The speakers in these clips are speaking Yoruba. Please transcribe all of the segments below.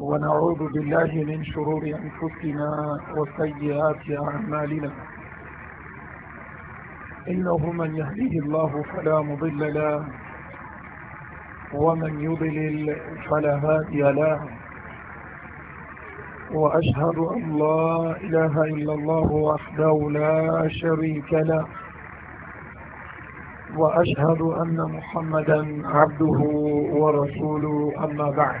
ونعوذ بالله من شرور أنفسنا وسيئات أعمالنا إنه من يهديه الله فلا مضل له ومن يضلل فلا هادي له وأشهد أن لا إله إلا الله وحده لا شريك له وأشهد أن محمدا عبده ورسوله أما بعد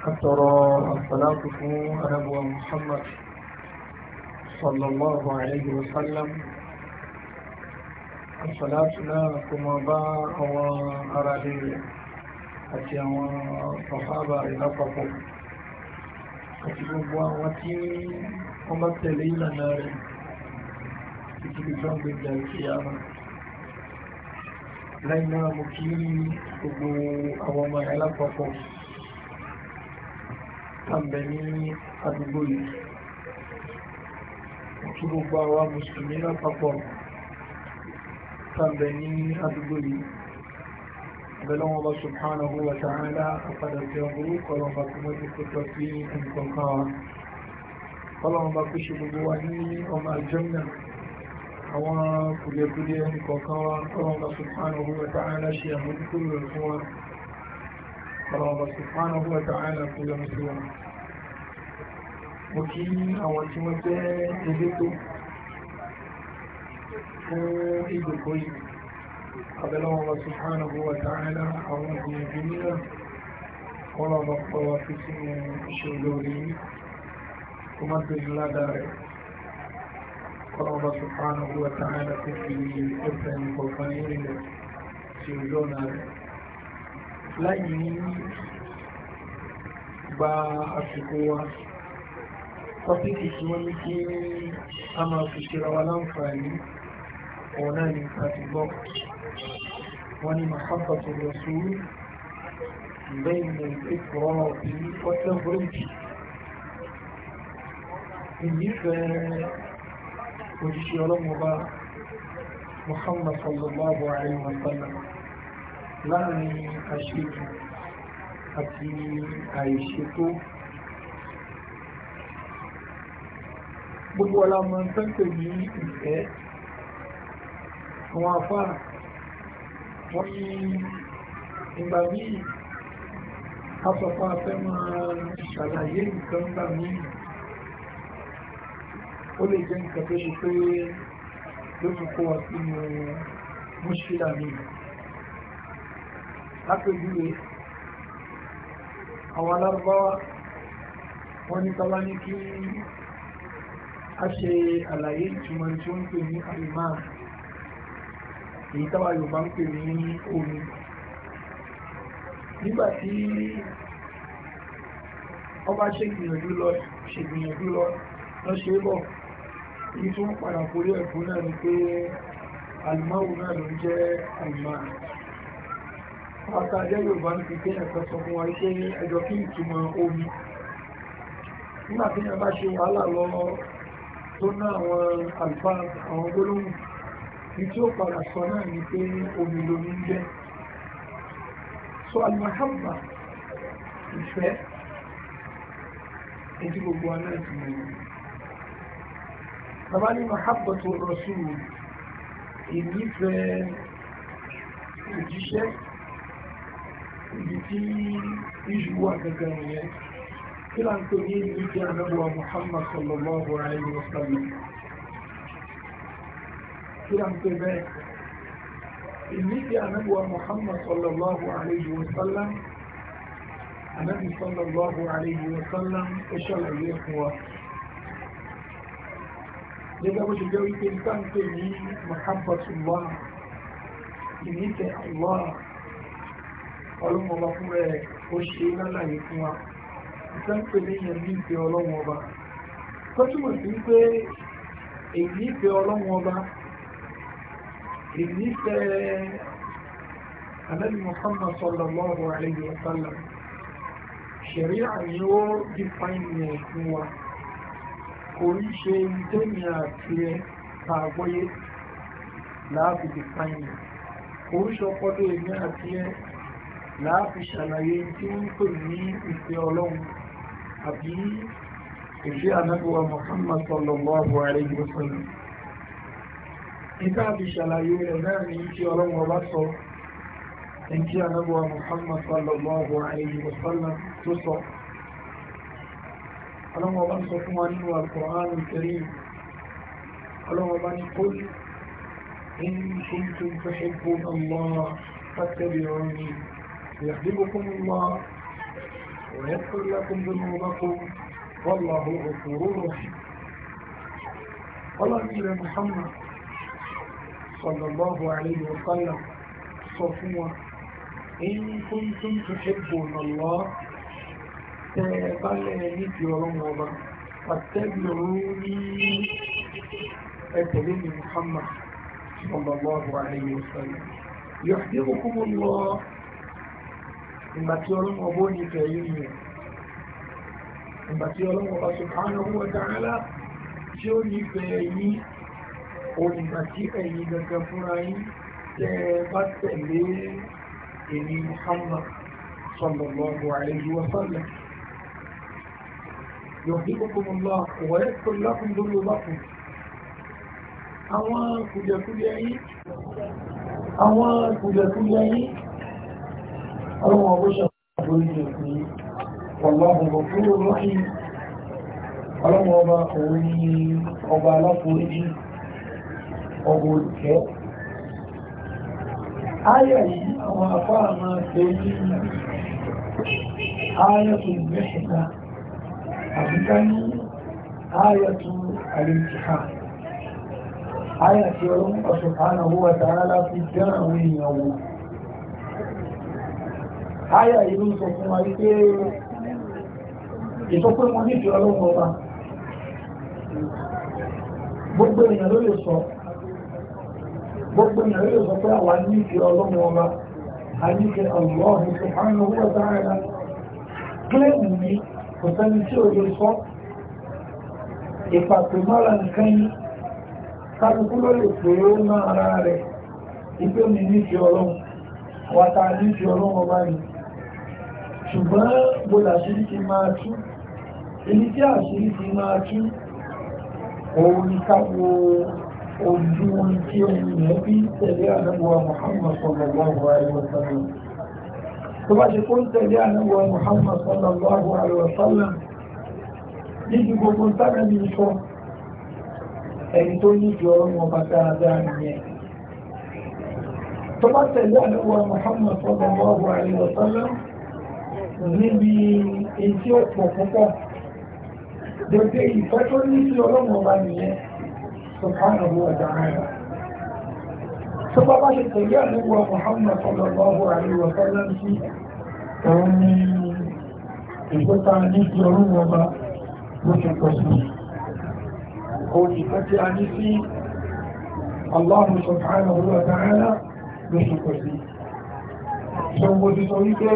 أثر الصلاة على أبو محمد صلى الله عليه وسلم الصلاة لا كما باع وأرادية أتي وصحابة إلى فقه أتجوب وأتي ومبتلين نار تجيبون ضد القيامة لأن مكيني أبو أو ما إلى فقه kan bẹ ní àdúgbò yìí kí gbogbo àwa mùsùlùmí lápapọ̀ kan bẹ ní àdúgbò yìí abẹ́lọ́wọ́ bá subhanahu wa ta'ala àpadà tí ọgbọ̀rú kọlọ̀ bá kúmọ́ sí kòtò sí nǹkan wa kọlọ̀ bá kú ṣe gbogbo wa ní ọmọ aljanna àwọn kùdẹ̀kùdẹ̀ nǹkan wa kọlọ̀ bá subhanahu wa ta'ala ṣe àmójúkúrò fún wa ọlọ́ọ̀bà subhanahu wa ta'ala kó yọnu sí wọn mo kí àwọn tí wọ́n jẹ́ elétò fún ìgbòkó yìí abẹ́lọ́ọ̀bà subhanahu wa ta'ala àwọn ìgbìyànjú nílẹ̀ ọlọ́ọ̀bà pọ̀wà fi sínú iṣẹ́ olórí kó má tó yìí ládàá rẹ̀ ọlọ́ọ̀bà subhanahu wa ta'ala kó fi ẹ̀fẹ̀ nǹkan kan nílẹ̀ sí ojú rẹ̀ láì ní gba àsìkò wa tọ́pìkì tí wọ́n ní kí a máa fi ṣe ra wa láǹfààní ọ̀hún náà ní àti gbọ́ wọ́n ní mahabbatul rasul lẹ́yìn ìfọ̀rọ̀ ọ̀bí ọ̀tẹ́ bíríjì ìnífẹ̀ẹ́ òṣìṣẹ́ ọlọ́mọba muhammad sallallahu alaihi wa sallam láàrin àṣetò àti àìṣètò gbogbo ọlámọ tẹ́pẹ̀ ní ìfẹ́ àwọn afáà wọ́n ní ìgbà míì afọ́fọ́ afẹ́ máa ṣàlàyé nǹkan gbà míì ó lè jẹ́ nǹkan tó ṣe pé ló fi kó wa sínú mọ́ṣílà míì lápèjúwe àwọn alárúbáwá wọ́n ní tọ́lá ní kí a ṣe àlàyé ìtumọ̀ tí ó ń pè ní alimam èyí táwa Yorùbá ń pè ní omi nígbà tí ọba ṣe gbìyànjú lọ ṣe gbìyànjú lọ lọ ṣe bọ̀ èyí tó ń padà kórè ẹ̀kọ́ náà ni pé alimawu náà ló ń jẹ́ alimam àtàjẹ́ yorùbá ní pípẹ́ ẹ̀kọ́ sọ fún wa wípé ní ẹjọ́ kí ìtumọ̀ omi nígbà tí wọ́n bá ṣe wàhálà lọ tó ná àwọn àlùfà àwọn gbólóhùn ní tí ó padà sọ náà ní pé ní omi lomi jẹ́ so alimahabba ìfẹ́ ètí gbogbo aná ìtumọ̀ omi bàbá ní mahabba tó rọ sí ìnífẹ̀ẹ́ òjíṣẹ́ ibi tí iṣu wà gẹ́gẹ́ yẹn kí là ń pè ní ìlú jẹ́ anábọ̀ Muhammad sallallahu alayhi wa sallam kí là ń pè bẹ́ẹ̀ ìlú jẹ́ anábọ̀ Muhammad sallallahu alayhi wa sallam anábì sallallahu alayhi wa sallam ó ṣàlàyé fún wa gẹ́gẹ́ bó ṣe jẹ́ wípé ìtàǹpẹ̀ ní mahabbatullah ìníkẹ̀ Allah ọlọ́run ọba fún rẹ̀ ó ṣe lálàyé fún wa ìsẹ́ńpẹ̀ lẹ́yìn ní ìfẹ́ ọlọ́run ọba tó túmọ̀ sí pé èyí ìfẹ́ ọlọ́run ọba èyí ìfẹ́ anabi muhammad sallallahu alayhi wa sallam ṣẹ̀ríà ni ó dífáìnì ẹ̀ fún wa kò ń ṣe ìdẹ́mi àti ẹ̀ tààgbọ́yé láàbì dífáìnì kò ń ṣọpọ́ tó èmi àti ẹ̀ láàfi ṣàlàyé tí ń pè ní ìfẹ́ ọlọ́run àbí ìfẹ́ anábíwa Muhammad sallallahu alayhi wa sallam nígbà fi ṣàlàyé rẹ̀ náà ní ìfẹ́ ọlọ́run ọba sọ ẹnkí anábíwa Muhammad sallallahu alayhi wa sallam tó sọ ọlọ́run ọba sọ fún wa nínú Al-Qur'an ọlọ́run ọba ní kó إن كنتم تحبون الله فاتبعوني يحببكم الله ويغفر لكم ذنوبكم والله غفور رحيم قال إلى محمد صلى الله عليه وسلم صفوة إن كنتم تحبون الله تبلغني ورمضا فاتبعوني أتبعني محمد صلى الله عليه وسلم يحببكم الله ìgbà tí ọlọ́run ọbọ̀ ní ìfẹ́ yìí nìyẹn ìgbà tí ọlọ́run ọba subhanahu wa ta'ala tí ó ní ìfẹ́ yìí onígbà tí ẹ̀yin gẹ́gẹ́ fúnra yín tẹ́ bá tẹ̀lé èmi Muhammad sallallahu alayhi wa sallam yuhibbukumullah ọlọ́run ọgbọ́ ṣàkóso ilẹ̀ fún ọlọ́run ọgbọ́ lọ́kì ọlọ́run ọba òun ni ọba aláforíjì ọgbọ́ olùkẹ́ ayà yìí àwọn afárá máa ṣe ní ayà tó mẹ́ṣẹ̀dá àbíká ní ayà tó àlejìká ayà tí ọlọ́run ọ̀ṣọ̀kánà wọ́n tààrà láti dán àwọn èèyàn wọn haya ìlú sọ fún wa wípé ìsọpé Gbogbo èèyàn ló lè sọ. Gbogbo èèyàn ló lè sọ pé àwa ní A ní tó ń lọ dáadáa. Kílẹ̀mù ni kò sẹ́ni tí ò lè sọ. Ìpàtó mọ́ra yìí. Kálukú ló lè pè é máa yìí. ṣùgbọ́n gbọ́dà ṣírí ti máa tú èyí tí àṣírí ti máa tú òun ni káwo ojú orin tí omi rẹ̀ bí tẹ̀lé ànábọ̀wà Muhammad sallallahu alaihi wa sallam tó bá ṣe kó ń tẹ̀lé ànábọ̀wà Muhammad sallallahu alaihi wa sallam níbi gbogbo sára ní iṣọ́ ẹni tó níbi ọ̀rọ̀ wọn bá dáadáa nìyẹn tó bá tẹ̀lé ànábọ̀wà Muhammad sallallahu alaihi wa níbi etí ó pọ̀ púpọ̀ gbogbo ìfẹ́ tó ní sí ọlọ́run ọba nìyẹn tó kánà owó ọjà rẹ̀ tó bá bá ṣe tẹ̀lé àdúgbò Muhammad sallallahu alaihi wa sallam sí òun ní ìgbóta ní sí ọlọ́run ọba ló ṣe pọ̀ sí òun ìfẹ́ tí a ní sí Allah subhanahu wa ta'ala ló ṣe pọ̀ sí. Ṣé sọ wípé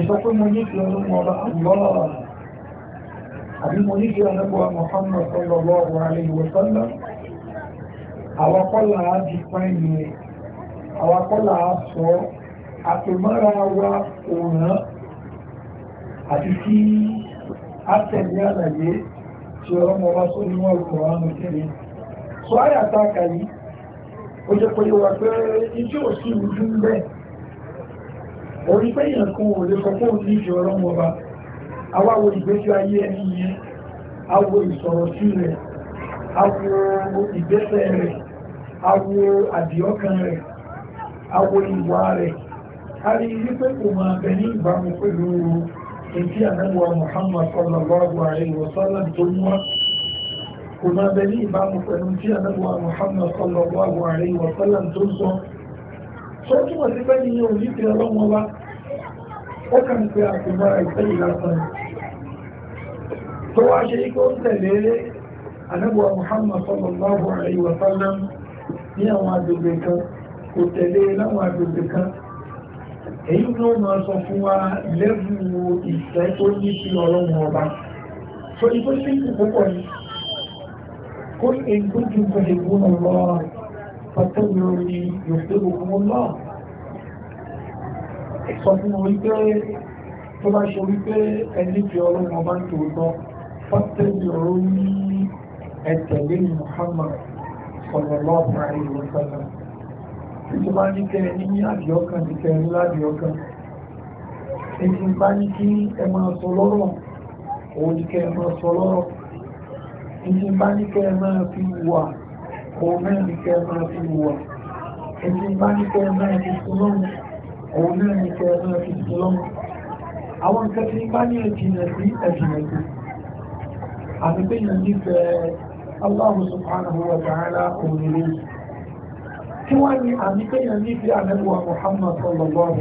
ìsọ pé mo nífẹ̀ẹ́ ọlọ́mọ ọba àlọ́ àbí mo nífẹ̀ẹ́ ọlọ́mọ Muhammad sallallahu alaihi wa sallam àwọn kọ́là á di pẹ́ẹ́nì rẹ̀ àwọn kọ́là àti kí á tẹ̀lé àlàyé tí ọlọ́mọ ọba sọ nínú ọkọ̀ àwọn ìkẹyìn sọ àyàtà kàyí ó jẹ́ pé wà pé ijó òsì ìrújú ń bẹ́ẹ̀ orí pé èèyàn kan ò lè sọ pé òun níjọ ọlọ́run ọba awáwo ìgbésí ayé ẹni yẹn awo ìsọ̀rọ̀ sí rẹ̀ awo ìgbésẹ̀ rẹ̀ awo àdìọ́kan rẹ̀ awo ìwà rẹ̀ a rí i wípé kò máa bẹ ní ìbámu pẹ̀lú ètí ànáwó Muhammad sallallahu alaihi wa sallam tó mú wa kò máa bẹ ní ìbámu pẹ̀lú ètí ànáwó Muhammad sallallahu alaihi wa sallam tó sọ tó túmọ̀ sí pé nìyẹn òní ti ọlọ́wọ́n wá ó kàn pé àtìmọ́ra ìtẹ́yìn lásán tó wá ṣe ikú tẹ̀lé anábọ̀ Muhammad sallallahu alaihi wa sallam ní àwọn agbègbè kan kò tẹ̀lé láwọn agbègbè kan èyí ló máa sọ fún wa lẹ́bù ìfẹ́ tó ní sí ọlọ́run ọba so ìbó sí ìpòpọ̀ ni kó èyí tó ju kò lè gún ọlọ́run fàtẹ́lú ni yòfẹ́lú ọmọ náà sọ fún wọn wípé tó bá ṣe wípé ẹni jẹ ọlọ́run ọba ń tòótọ́ fàtẹ́lú ọ̀rọ̀ ní ẹ̀tẹ̀lé ní Muhammad sallallahu alaihi wa sallam tó bá ní kẹ́ ní ní àdìọ́kan ti kẹ́ ní ládìọ́kan ẹni ní kí òun náà ní kẹ́ máa fi wà ẹni bá ní kẹ́ máa fi súnlọ́mù òun náà ní kẹ́ máa fi súnlọ́mù àwọn nǹkan tí bá ní ẹ̀jìnà sí ẹ̀jìnà sí àti pé yàn nífẹ̀ẹ́ Allahu subhanahu wa ta'ala kí wá ní àmì pé yàn nífẹ̀ẹ́ àlẹ́wà Muhammad sallallahu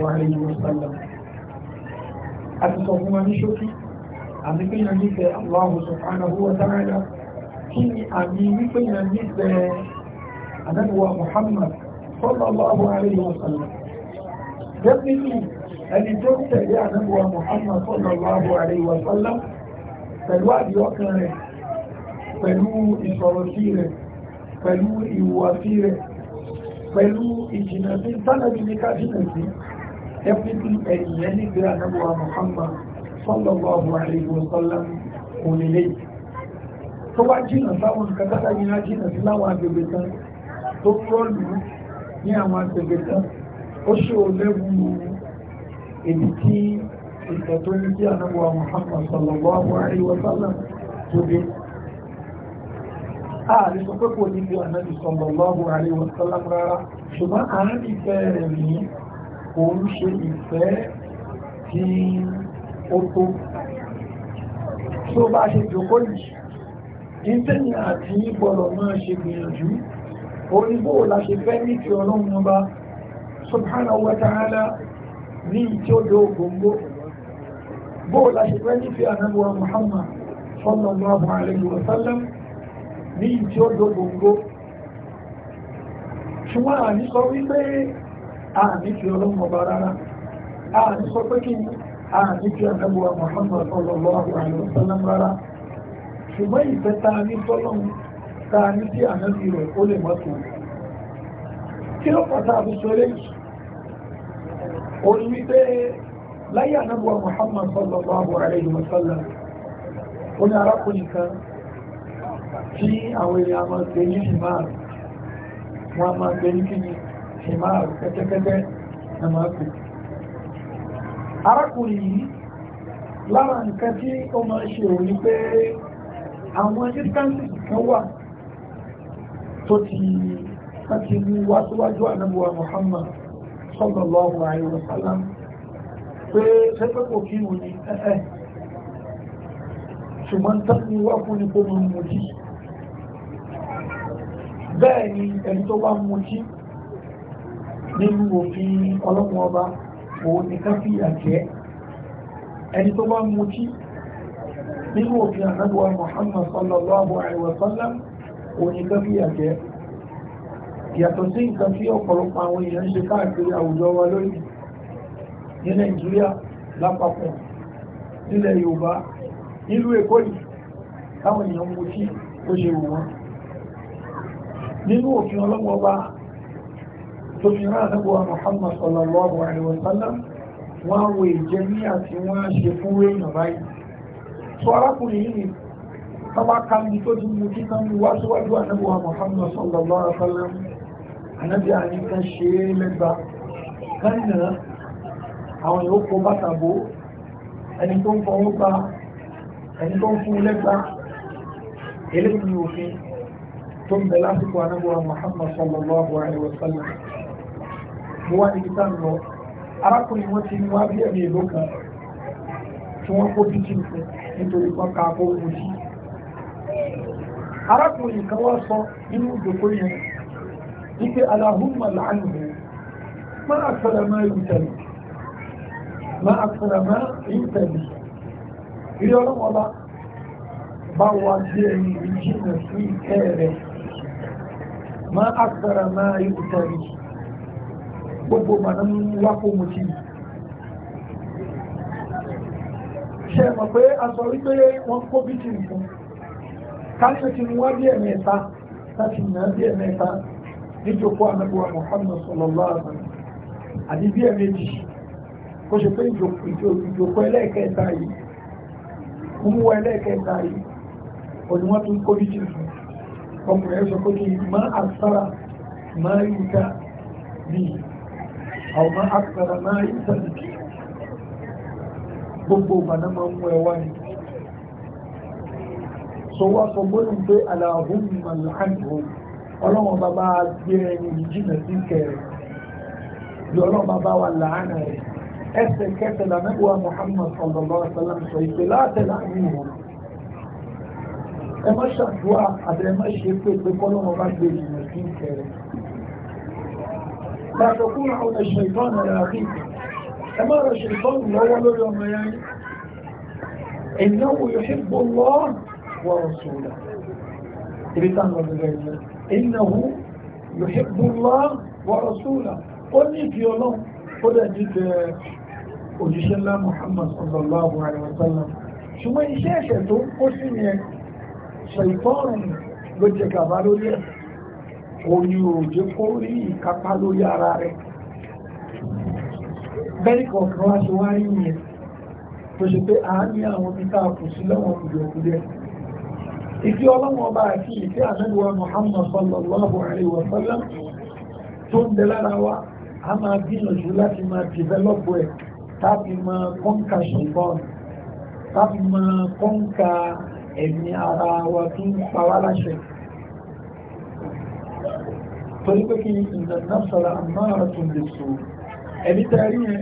kí ni àmì wípé yẹn nífẹ̀ẹ́ anábíwá Muhammad sallallahu alayhi wa sallam definitely ẹni tó ń tẹ̀lé anábíwá Muhammad sallallahu alayhi wa sallam pẹ̀lú àdìọ́kan rẹ̀ pẹ̀lú ìsọ̀rọ̀ sí rẹ̀ pẹ̀lú ìhùwàsí rẹ̀ pẹ̀lú ìjìnà sí sánàbí ní kájínà sí ẹ̀fíìsì ẹ̀yìn ẹni gbé anábíwá Muhammad sallallahu alayhi wa sallam òlélẹ́yìn tó wá jìnà sáwọn nǹkan tátà yìí náà jìnà sí láwọn agbègbè kan tó rọ́ọ̀lù ní àwọn agbègbè kan ó ṣe ò lẹ́wù èdè tí ìtàn tó ní kí ànábọ̀ Muhammad sallallahu alaihi wa sallam tó dé ààrí sọ pé kò nílé ànábì sallallahu alaihi wa sallam rárá ṣùgbọ́n àárín ìfẹ́ rẹ̀ ní òun ṣe ìfẹ́ tí ó tó tó bá ṣe jòkó yìí ìtẹ́yìn àti ìgbọ̀lọ̀ máa ṣe gbìyànjú oníbò láṣe fẹ́ ní ti ọlọ́run ọba subhanahu wa ta'ala ní tí ó dé ògbóngbó bó láṣe fẹ́ ní fi ànábíwá muhammad sallallahu alayhi wa sallam ní tí ó dé ògbóngbó ṣùgbọ́n àní sọ wípé àní fi ọlọ́run ọba rárá àní sọ pé kí àní fi ànábíwá muhammad sallallahu alayhi wa sallam rárá ṣùgbọ́n ìfẹ́ ta ní tọ́lọ́run ta ní sí ànábì rẹ̀ ó lè mọ́tò kí ló pàtà àbúṣọ eléyìí olùwípé láyé ànábùwà Muhammad sallallahu alaihi wa sallam ó ní arákùnrin kan tí àwọn èèyàn máa gbé ní himar wọn máa gbé ní kíni himar kẹ́kẹ́kẹ́kẹ́ na máa pè arákùnrin yìí lára nǹkan tí ó máa ṣe òní pé àwọn distances kan wà tó ti láti mú wá síwájú ànábùwà Muhammad sallallahu alaihi wa sallam pé sẹ́pẹ̀kọ̀ kí wọ́n ní ẹ̀ẹ́ eh, eh. ṣùgbọ́n tán ni wá fún ní kó mọ̀ mọ̀jí bẹ́ẹ̀ ni ẹni tó bá mọ̀jí nínú òfin ọlọ́pàá ọba òun nìkan fi àjẹ́ ẹni tó bá mọ̀jí nínú òfin ànábùwà Muhammad sallallahu alaihi wa sallam oníkan fi àjẹ́ yàtọ̀ sí nǹkan tí ọ̀pọ̀lọpọ̀ àwọn èèyàn ń ṣe káàkiri àwùjọ wa lónìí ní Nàìjíríà lápapọ̀ nílẹ̀ Yorùbá nílùú Èkó yìí táwọn èèyàn mú sí ó ṣe wù wọ́n nínú òfin ọlọ́wọ́ bá tó fi rán àdábọ̀wà Muhammad sallallahu alaihi wa wọ́n á wo ní àti wọ́n á ṣe fún èèyàn báyìí sọ arákùnrin yìí ni tọ́wá kambi tó ti mú kíkan ní wá síwájú ànábùwà Muhammad sallallahu alaihi wa sallam ànábì àníkan ṣe é lẹ́gba lẹ́nà àwọn yòókù bàtà bò ẹni tó ń fọwọ́ gba ẹni tó ń fún lẹ́gba eléyìí ni òfin tó ń bẹ lásìkò ànábùwà Muhammad sallallahu alaihi mo wá ní kíkan lọ tí wọ́n kó títí fún nítorí kan ká bó wù sí. arákùnrin kan wá sọ nínú ìdòkó yẹn wípé aláhùnmá láàánú máa àkọlẹ̀ máa yù tẹ̀lé máa àkọlẹ̀ máa yù tẹ̀lé ilé ọlọ́mọba bá wà sí ẹ̀yìn ìjìnà sí ìkẹ́ rẹ̀ máa àkọlẹ̀ máa yù tẹ̀lé gbogbo màdánù wákò mọ́tì yìí. ṣe mọ̀ pé a sọ wípé wọ́n kó bíkì nǹkan káṣẹ́ ti mú wá bí ẹ̀mẹ́ta láti nà bí ẹ̀mẹ́ta níjókòó anábíwá Muhammad sallallahu alaihi wasallam àti bí ẹ̀mẹ́jì kó ṣe pé ìjókòó ẹlẹ́ẹ̀kẹta yìí mú wá ẹlẹ́ẹ̀kẹta yìí òní wọ́n tún kó bíkì nǹkan ọkùnrin ẹ̀ sọ pé kí má àsára má yíká bíi àwọn gbogbo ìgbàna máa mú ẹwà ni so wá sọ gbóyìn pé aláàbùn màláhàndùn ọlọ́wọ́n bàbá gbé ẹni jìnà sí kẹrẹ bí ọlọ́wọ́n bàbá wà láàánà rẹ̀ ẹsẹ̀ kẹsẹ̀ lànàbíwá Muhammad sallallahu alaihi wasallam sọ ìpè látẹ̀lá nínú لا تكون على الشيطان يا ẹ má rẹ̀ ṣùgbọ́n lọ́wọ́ lórí ọmọ yẹn إنه يحب الله ورسوله إنه يحب الله ورسوله قل في يوم قل جد وجيش الله محمد صلى الله عليه وسلم شو إشاشة قسم شيطان بجك بالولي ويوجب قولي كبالو يا رارك bẹ́ẹ̀ kọ̀ọ̀kan wá ṣe wá rí yẹn tó ṣe pé a ní àwọn mítà kù sí lọ́wọ́n kùdìẹ̀kùdìẹ̀ ìdí ọlọ́wọ́n bá àti ìfẹ́ àmẹ́lúwà Muhammad sallallahu alaihi wa sallam tó ń bẹ lára wa a máa gbìyànjú láti máa develop ẹ̀ tàbí máa kọ́ǹkà ṣùgbọ́n tàbí máa kọ́ǹkà ẹ̀mí ara wa tó ń pa wá láṣẹ torí pé kí ìdàgbàsọ̀rọ̀ àmọ́ àtúndì sọ̀rọ̀ ẹ̀mí tẹ́ rí yẹn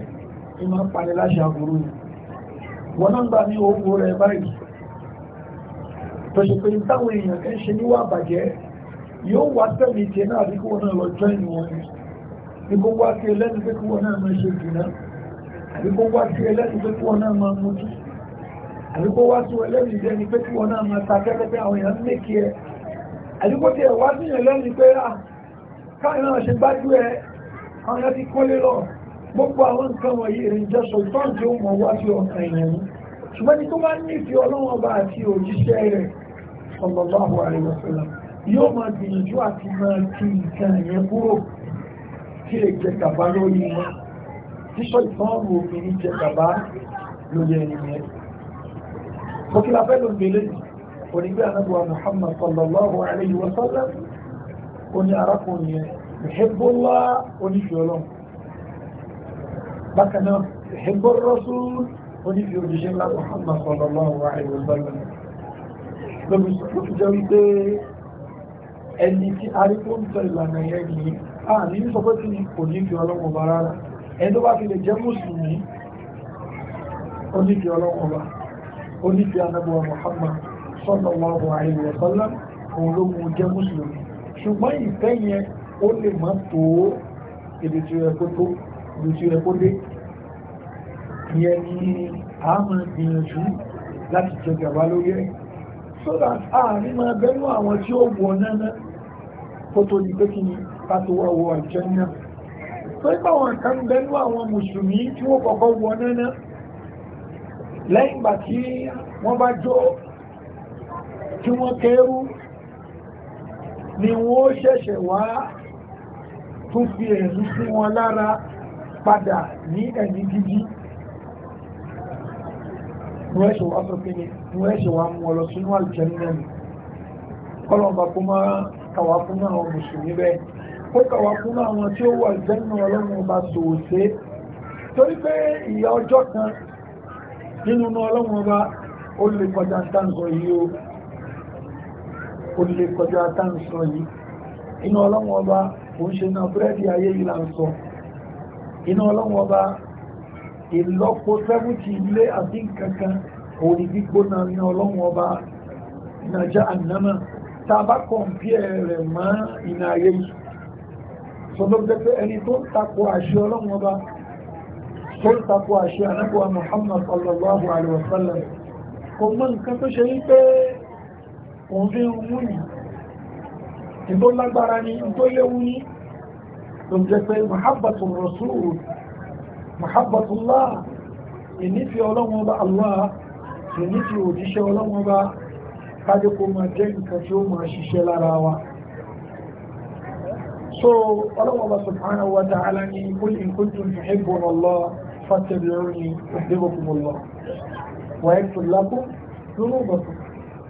ni máa ń pani láṣà burú yẹn wọn náà gbà ní owó rẹ̀ báyìí tó ṣe pé táwọn èèyàn kẹ́ ṣe níwà bàjẹ́ yóò wá tẹ̀lé tiẹ̀ náà bí kí náà lọ jọ́ìn wọn ni bí kó wá sí ẹlẹ́nu pé kí wọn náà máa ṣe jùlọ àbí kó wá sí ẹlẹ́nu pé kí wọn náà máa mutí àbí gbogbo àwọn nǹkan wọ̀nyí ìrìnjẹ́ sultan tí ó mọ̀ wá sí ọ̀kan èèyàn ní ṣùgbọ́n ní tó bá nífẹ̀ẹ́ ọlọ́wọ́n ọba àti òjíṣẹ́ rẹ̀ sallallahu alaihi wasallam yóò máa gbìyànjú àti máa ti nǹkan yẹn kúrò tí lè jẹ gàba lórí wọn tí sultan wo obìnrin jẹ gàba lórí ẹni yẹn bókìlá fẹ́ ló gbélé onígbé anábọ̀ Muhammad sallallahu alaihi wasallam oní arákùnrin yẹn ìhẹ́bọ́lá onífẹ̀ẹ́ bákan náà ìhìbó rọ́sù onífi òjíṣẹ́ ńlá Muhammad sallallahu alaihi wasallam lóbi sọ́kùn jẹ́ wípé ẹni tí arígbó ń tọ ìlànà yẹn nìyí a ní sọ pé tí kò ní fi ọlọ́wọ́ bá rárá ẹni tó bá fi lè jẹ́ ló ṣe ẹkó lé ìyẹn ni a máa láti jẹ gàba lórí ẹ̀ so that àárín máa bẹ́nu àwọn tí ó wọ náná kó tó di pé kí ni ká tó wá wọ àjẹ́ náà pé báwọn kan bẹ́nu àwọn mùsùlùmí tí wọ́n kọ́kọ́ wọ náná lẹ́yìn ìgbà tí wọ́n bá jó tí wọ́n kẹ́rù ni wọ́n ṣẹ̀ṣẹ̀ wá tún fi ẹ̀rù sí wọn lára padà ní ẹ̀mí gidi ní ẹ̀ṣẹ̀ wá sọ pé ní ẹ̀ṣẹ̀ wá mú ọ lọ sínú àlùjẹ́ nínú kọlọ̀ọ̀bà kó máa kàwà fún àwọn mùsùlùmí bẹ́ẹ̀ ó kàwà fún àwọn tí ó wà jẹ́nu ọlọ́run ọba sòòsé torí pé ìyà ọjọ́ kan nínú ọlọ́run ọba ó lè kọjá táǹsọ yìí ó lè kọjá táǹsọ yìí inú ọlọ́run ọba kò ń ṣe náà búrẹ́dì ayé yìí là ń sọ iná ọlọ́wọ́ bá ìlọ́pọ̀ sẹ́mùtì ilé àti nkankan òní gbígbóná iná ọlọ́wọ́ bá iná já ànámà tá a bá kọ̀m̀pìẹ̀ rẹ̀ mọ́ iná ayé yìí sọlọ́pẹ́ pé ẹni tó ń takò àṣẹ ọlọ́wọ́ bá tó ń takò àṣẹ anábọ̀wá Muhammad sallallahu alayhi wa sallam kò mọ nǹkan tó ṣe wípé òun fi ń wúni tó ń jẹ́ pé mahabbatu rasul mahabbatu Allah ìnífi ọlọ́wọ́n bá Allah ìnífi òjíṣẹ́ ọlọ́wọ́n bá kájé kó máa jẹ́ nǹkan tí ó máa ṣiṣẹ́ lára wa so ọlọ́wọ́n bá subhanahu wa ta'ala ní qul in kuntum tuhibbuna Allah fattabi'uni yuhibbukum Allah wa yaghfir lakum dhunubakum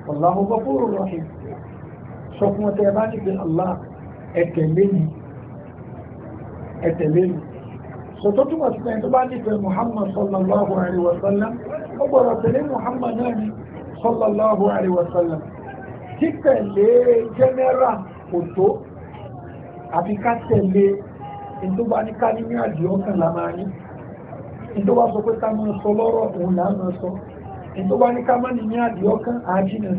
wallahu ghafurur rahim sọ ẹ̀tẹ̀lé mi sọ̀tọ́ túnmọ̀ sí pé tó bá nífẹ̀ẹ́ Muhammad sallallahu alaihi wasallam ó gbọ́dọ̀ tẹ̀lé Muhammad náà ni sallallahu alaihi wasallam tí tẹ̀lé general kò tó àfi ká tẹ̀lé tó bá ní ká ní ní àjò ọkàn là máa ní tó bá sọ pé ká máa sọ lọ́rọ̀ òun là máa sọ tó bá ní ká máa ní ní àjò ọkàn àjìnà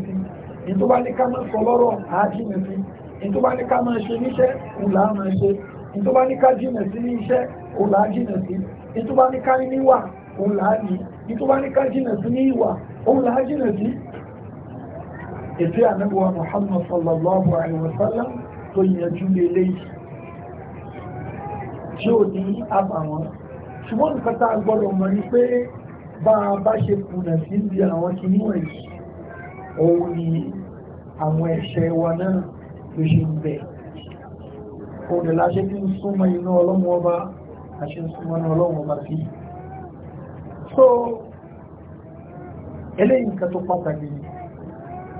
sí tó bá ní ká máa sọ lọ́rọ̀ àjìnà sí tó bá ní ká máa ṣe níṣẹ́ òun là máa ṣe tó bá ní ká jìnà sí ní iṣẹ́ òun là á jìnà sí ní tó bá ní ká ní níwà òun là á ní ní tó bá ní ká jìnà sí ní ìwà òun là á jìnà sí. ètò ànábọ̀wá Muhammad sallallahu alayhi wa sallam tó yẹjú lé léyìí tí ó ní àbàwọ́n ṣùgbọ́n nǹkan tá a gbọ́dọ̀ mọ̀ ni pé bá a bá ṣe kùnà sí ibi àwọn kìíní wọ̀nyí òun ni àwọn ẹ̀ṣẹ̀ wa náà ló ṣe ń bẹ̀rẹ̀ òun lè láṣẹ kí ń súnmọ́ inú ọlọ́mọ ọba àṣẹ ń súnmọ́ inú ọlọ́mọ ọba sí so eléyìí nǹkan tó pàtàkì ni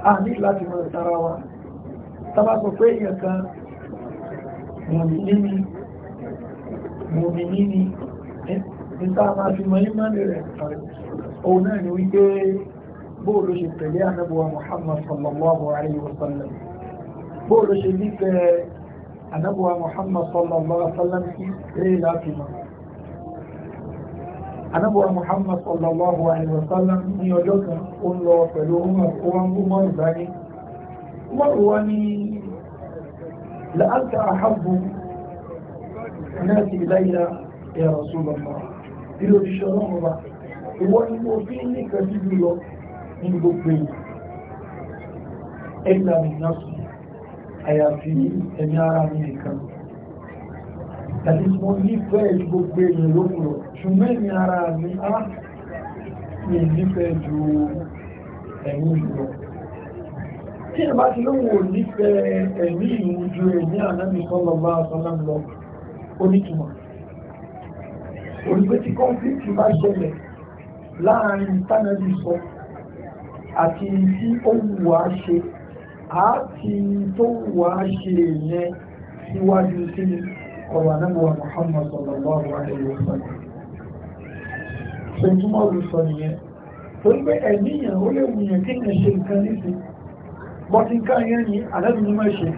a ní láti mọ̀ sára wa tábà sọ pé èèyàn kan mùmìnì ni mùmìnì ni níta máa fi mọ ìmọ̀ rẹ̀ òun náà ni wípé bóòlù ṣe tẹ̀lé ànábọ̀wà Muhammad sallallahu alaihi wasallam. sallam bóòlù ṣe nífẹ̀ẹ́ anabuwa muhammad sallallahu alaihi wasallam kí eré láti mọ̀ anabuwa muhammad sallallahu alaihi wasallam ní ọjọ́ kan ó ń lọ pẹ̀lú umar ó wá ń bú mọ́ ìbáni umar wa ní la'anta ahabbu nasi ilayya ya rasulullah ilé òṣìṣẹ́ ọlọ́run wa ìwọ ni mo fi ní ìkàjú jùlọ ní gbogbo ẹ̀yìn ẹ̀yìn àmì náà àyàfi ẹ̀mí ara mi nìkan tàbí mo nífẹ̀ẹ́ ju gbogbo èèyàn lókùn lọ ṣùgbọ́n ẹ̀mí ara mi á mi nífẹ̀ẹ́ ju ẹ̀mí lọ tí ẹ bá ti lóhùn ò nífẹ̀ẹ́ ẹ̀mí ìlú ju ẹ̀mí ànábì sọ́lọ́ bá sọ́lá lọ onítùmọ̀ onígbé tí kọ́ńfíìtì bá ṣẹlẹ̀ láàrin tánàbì sọ àti tí ó wù wá ṣe àti tó wà ṣe yẹn síwájú sí ọ̀rọ̀ anábọ̀wà Muhammad sallallahu alaihi wa sallam ṣe túmọ̀ olùsọ nìyẹn torí pé ẹ̀míyàn ó lè wùyàn kí èèyàn ṣe nǹkan nísìn bọ́tí nǹkan yẹn ni àdájú ni máa ṣe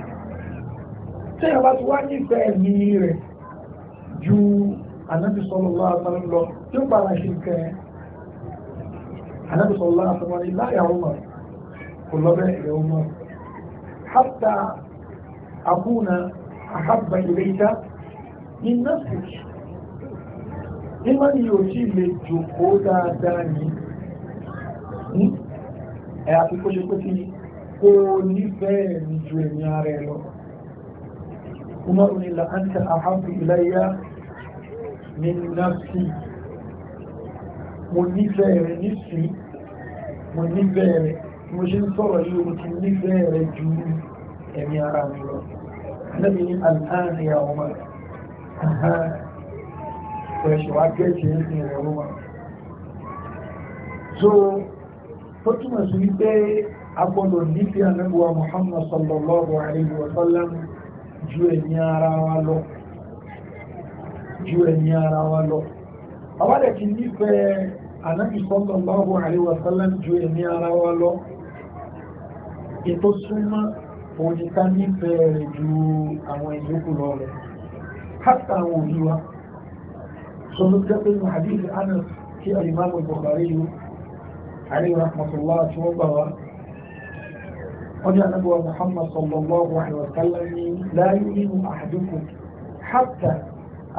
tí a bá ti wá nífẹ̀ẹ́ ẹ̀mí rẹ̀ ju anábì sallallahu alaihi lọ tí ó padà ṣe nǹkan yẹn anábì sallallahu alaihi wa sallam láyà kò lọ bẹ́ẹ̀ ẹ̀ ọmọ حتى أكون أحب إليك من نفسك إما أن يتم جهود داني أي أعطي كل شيء كوني فين جوين يا ريلو أمر إلا أنت أحب إلي من نفسي مني فين نفسي مني فين mo ṣe ń sọ̀rọ̀ yìí o ti nífẹ̀ẹ́ rẹ̀ ju ẹ̀mí ara mi lọ lẹ́bi ní àlùkáàní àwọn ẹ̀ṣọ́ wa gẹ̀ẹ́sì ẹ̀sìn rẹ̀ so tó túmọ̀ sí wípé a gbọ́dọ̀ nífẹ̀ẹ́ anábùwà Muhammad sallallahu alayhi wa sallam ju ẹ̀mí ara wa lọ ju ẹ̀mí ara wa lọ àwọn àdẹ̀kì nífẹ̀ẹ́ anábì sallallahu alayhi wa sallam ju ẹ̀mí ara wa lọ ètò súnmọ́ òun ni ká nífẹ̀ẹ́ rẹ̀ ju àwọn ìyókù lọ rẹ̀ hátà àwọn òbí wa sọ ló jẹ́ pé ní hadith Anas tí alimamu Bukhari yìí alayhi rahmatullah tí wọ́n gbà wá وجاء نبوة محمد صلى الله عليه وسلم لا يؤمن أحدكم حتى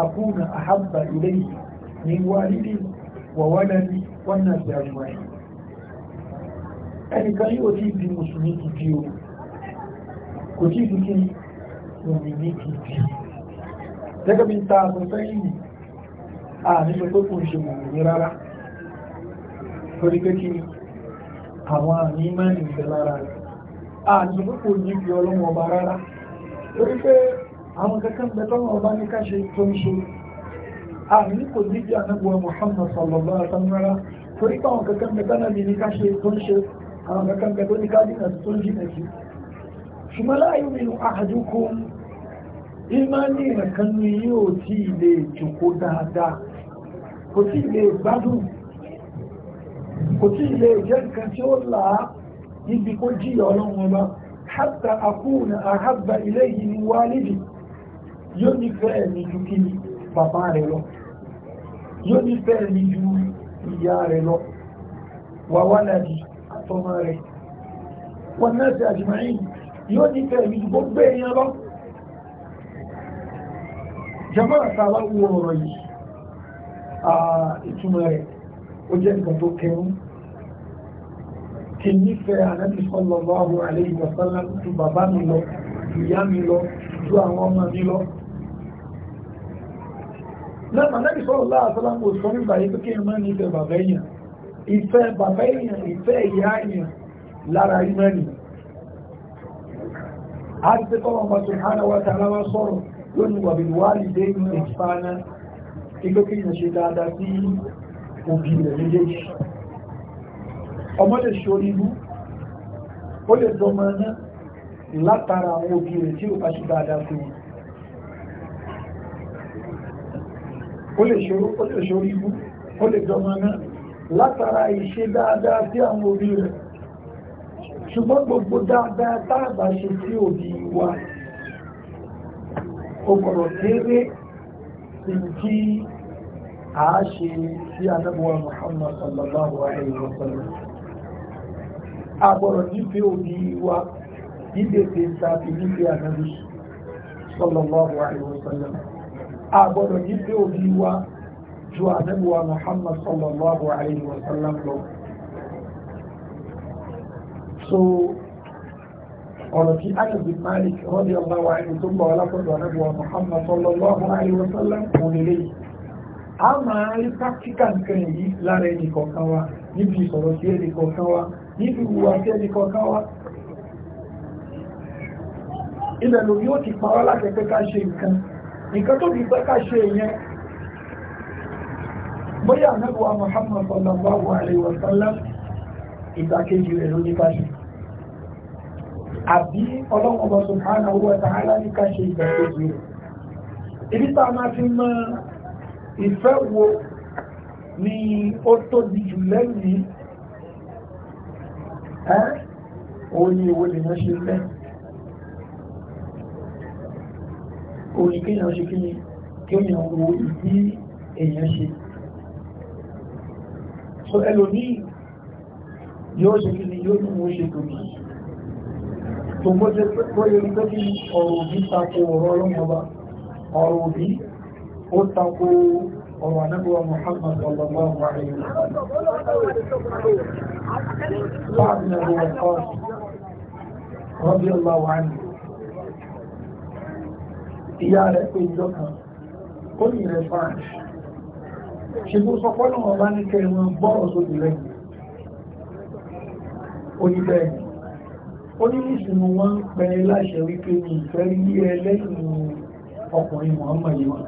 أكون أحب إليه من والدي وولدي والناس أجمعين ẹnìkan yóò tí di mùsùlùmí gidi o kò tí di kí mùsùlùmí gidi gẹ́gẹ́ bí ta àtúnfẹ́ yìí a nílò pé kò ṣe mùsùlùmí rárá torí pé kí àwọn àmì mẹ́rin ìfẹ́ lára rẹ̀ a nílò pé kò ní fi ọlọ́wọ́ ọba rárá torí pé àwọn kankan bẹ̀tọ́wọ́ ọba ní ká ṣe tó ń ṣe a ní kò ní fi ànágbọ́ Muhammad sallallahu alaihi wa sallam rárá torí pé àwọn kankan bẹ̀tọ́wọ́ ọba ní ká ṣe tó ń ṣe àwọn kankan bẹ tó ní ká jìnà tó ń jìnà sí ṣùgbọ́n láàyò nínú àjòkó ìmánì ẹ̀kan ni yóò tí ilé ìjòkó dáadáa kò tí ilé ìgbádùn kò tí ilé ìjẹ́ nǹkan tí ó là á níbi kó jíyà ọlọ́run ọba hatta akúnà àhábà ilé yìí ni wá níbi yóò nífẹ̀ẹ́ mi ju kí bàbá rẹ̀ lọ yóò nífẹ̀ẹ́ mi ju ìyá rẹ̀ lọ wà wá àtọmọ rẹ̀ wọn náà ti àjùmáyìn yóò ní fẹ́ mi gbogbo èèyàn lọ jama àtàwà wo ọ̀rọ̀ yìí ìtumọ̀ rẹ̀ ó jẹ́ nǹkan tó kẹrún kí nífẹ̀ẹ́ ànábì sallallahu alaihi wa sallam ju bàbá mi lọ ìyá mi lọ ju àwọn ọmọ mi lọ lẹ́mọ̀ ànábì sallallahu alaihi wa kò sọ nígbà yìí pé kí n má nífẹ̀ẹ́ bàbá èèyàn ìfẹ́ bàbá èèyàn ìfẹ́ ìyá èèyàn lára ìmẹ́ni a ti tẹ́ tọ́wọ́n bá subhanahu wa ta'ala wá sọ̀rọ̀ lónìí wà bíi wà lè dé inú ìfàánà igbó kí èèyàn ṣe dáadáa ó lè dọmọ ó lè ṣe ibú ó lè dọmọ náà látara ìṣe dáadáa sí àwọn òbí rẹ̀ ṣùgbọ́n gbogbo dáadáa táàbà ṣe sí òbí wa ó gbọ́dọ̀ kéré sí kí a ṣe sí adábọ̀wà Muhammad sallallahu alayhi wa sallam a gbọ́dọ̀ nífẹ̀ẹ́ òbí wa nígbèsè tàbí nífẹ̀ẹ́ àdábì sallallahu alayhi wa sallam ju àdẹ́bùwà Muhammad sallallahu alayhi wa sallam lọ so ọ̀rọ̀ tí Anas bin Malik radiyallahu anhu tó gbọ́ alákọ̀ọ́dọ̀ àdẹ́bùwà Muhammad sallallahu alayhi wa sallam kò lè léyìí a máa rí practical nǹkan yìí lára ẹnì kọ̀ọ̀kan wa níbi ìsọ̀rọ̀ sí ẹnì kọ̀ọ̀kan wa níbi ìwà sí ẹnì kọ̀ọ̀kan wa ilẹ̀ lómi ó ti pa wá láti ẹgbẹ́ ká ṣe nǹkan nǹkan tó fi pẹ́ ká ṣe ìyẹn bóyá anábùwà Muhammad sallallahu alayhi wa sallam ìgbàkejì rẹ̀ ló ní káṣe àbí ọlọ́run ọba subhanahu wa ta'ala ní káṣe ìgbàkejì rẹ̀ ibi tá a máa fi mọ ìfẹ́ wo ni ó tóbi jù lẹ́yìn ẹ́ òun ni ṣe lẹ́ ni kí ni wo ìdí èèyàn ṣe tó ẹlòmí yóò ṣe kí ni yóò ní wọ́n ṣe tó ní tó mọ́ jẹ́ pẹ́lú rí pẹ́lú ọ̀rọ̀ òbí tako ọ̀rọ̀ ọlọ́mọba ọ̀rọ̀ òbí ó tako ọ̀rọ̀ anábọ̀wà Muhammad sallallahu alaihi wa sallam ìyá rẹ̀ pé ìjọ kan ó ní rẹ̀ fáàṣì ṣùgbọ́n sọ pọ́nà ọba ní kẹrin gbọ́rọ̀ sóbi lẹ́yìn oníbẹ̀ẹ́ onímùsùnmù wọn ń pẹ láṣẹ wípé ní ìfẹ́ yí ẹ lẹ́yìn ọkùnrin Muhammad yìí wọn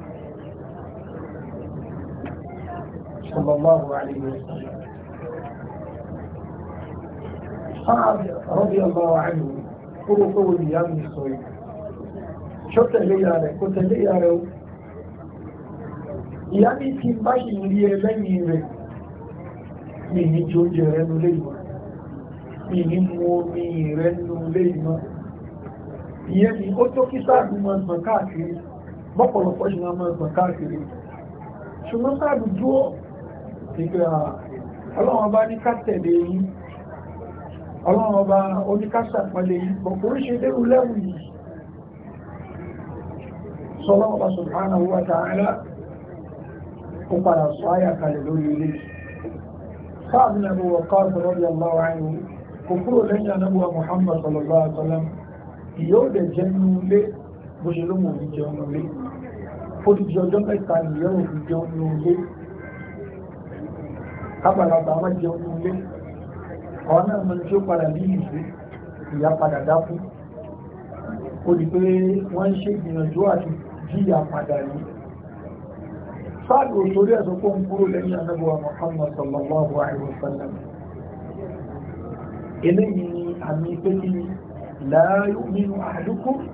sallallahu alaihi wasallam rọ́bí ọba àìlú kúrò kówó ìyá mi sọ yìí ṣó ìyá ní kí n bá ṣì ń rí ẹ lẹ́yìn rẹ̀ mi ní tí oúnjẹ rẹ̀ nú lé ìmọ̀ mi ní mu omi rẹ̀ nú lé ìmọ̀ ìyẹn ni ó tó kí sáàdù máa gbọ̀n káàkiri bọ́pọ̀lọpọ̀ ṣe máa máa gbọ̀n káàkiri ṣùgbọ́n sáàdù dúró ìgbà ọlọ́wọ́n ní ká yìí ọlọ́run ọba oníkásà pẹ̀lẹ̀ ṣe dérú lẹ́wù yìí sọ́lọ́wọ́ subhanahu ó padà sọ àyà kalẹ̀ lórí ilé sáàbì nàbí wọ káàkiri rọ́bì aláwọ̀ àìwò kò kúrò lẹ́yìn anábùwà Muhammad sallallahu alaihi wa sallam ìyóò dẹ̀ jẹ́ nínú ilé bó ṣe ló mọ̀ ní jẹun صار وسوريا تكون كل لنا نبوة محمد صلى الله عليه وسلم إليني عميتي لا يؤمن أحدكم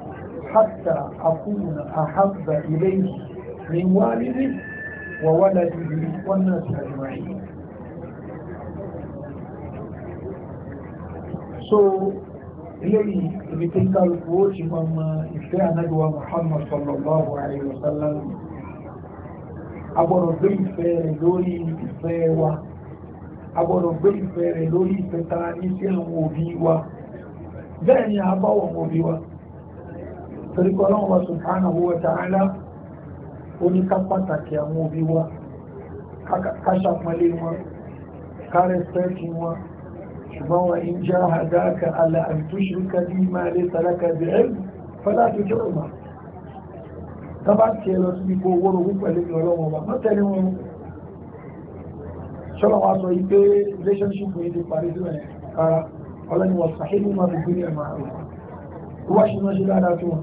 حتى أكون أحب إليه من والده وولده والناس أجمعين so ليني بتنقل وجه مما إفتاء نبوة محمد صلى الله عليه وسلم agbọ́dọ̀ gbé ìfẹ́ rẹ̀ lórí ìfẹ́ wa agbọ́dọ̀ gbé ìfẹ́ rẹ̀ lórí ìfẹ́ tara ní sí àwọn òbí wa bẹ́ẹ̀ ni a bá wọn òbí wa torí kọ́ lọ́wọ́ wa subhanahu wa ta'ala ó ní ká pàtàkì àwọn òbí wa ká ṣàpọ́nlé wọn ká rẹ́spẹ́tì wọn ṣùgbọ́n wa in jahadaka ala an tushrika bí máa lé tàlákà bí ẹ̀ fọ́lá tó jẹ́ òmà tọ́bá ti ẹ lọ sí ipò owó ogun pẹ̀lú ìrọlọ́wọ́ ọba má tẹ̀lé wọn ṣọ́lọ́ wa sọ yìí pé relationship yìí ti parí sí ẹ̀ kára ọlọ́ni wọ ma máa fi gbélé ẹ̀mà rẹ̀ tó wá ṣe máa ṣe dáadáa tó wọn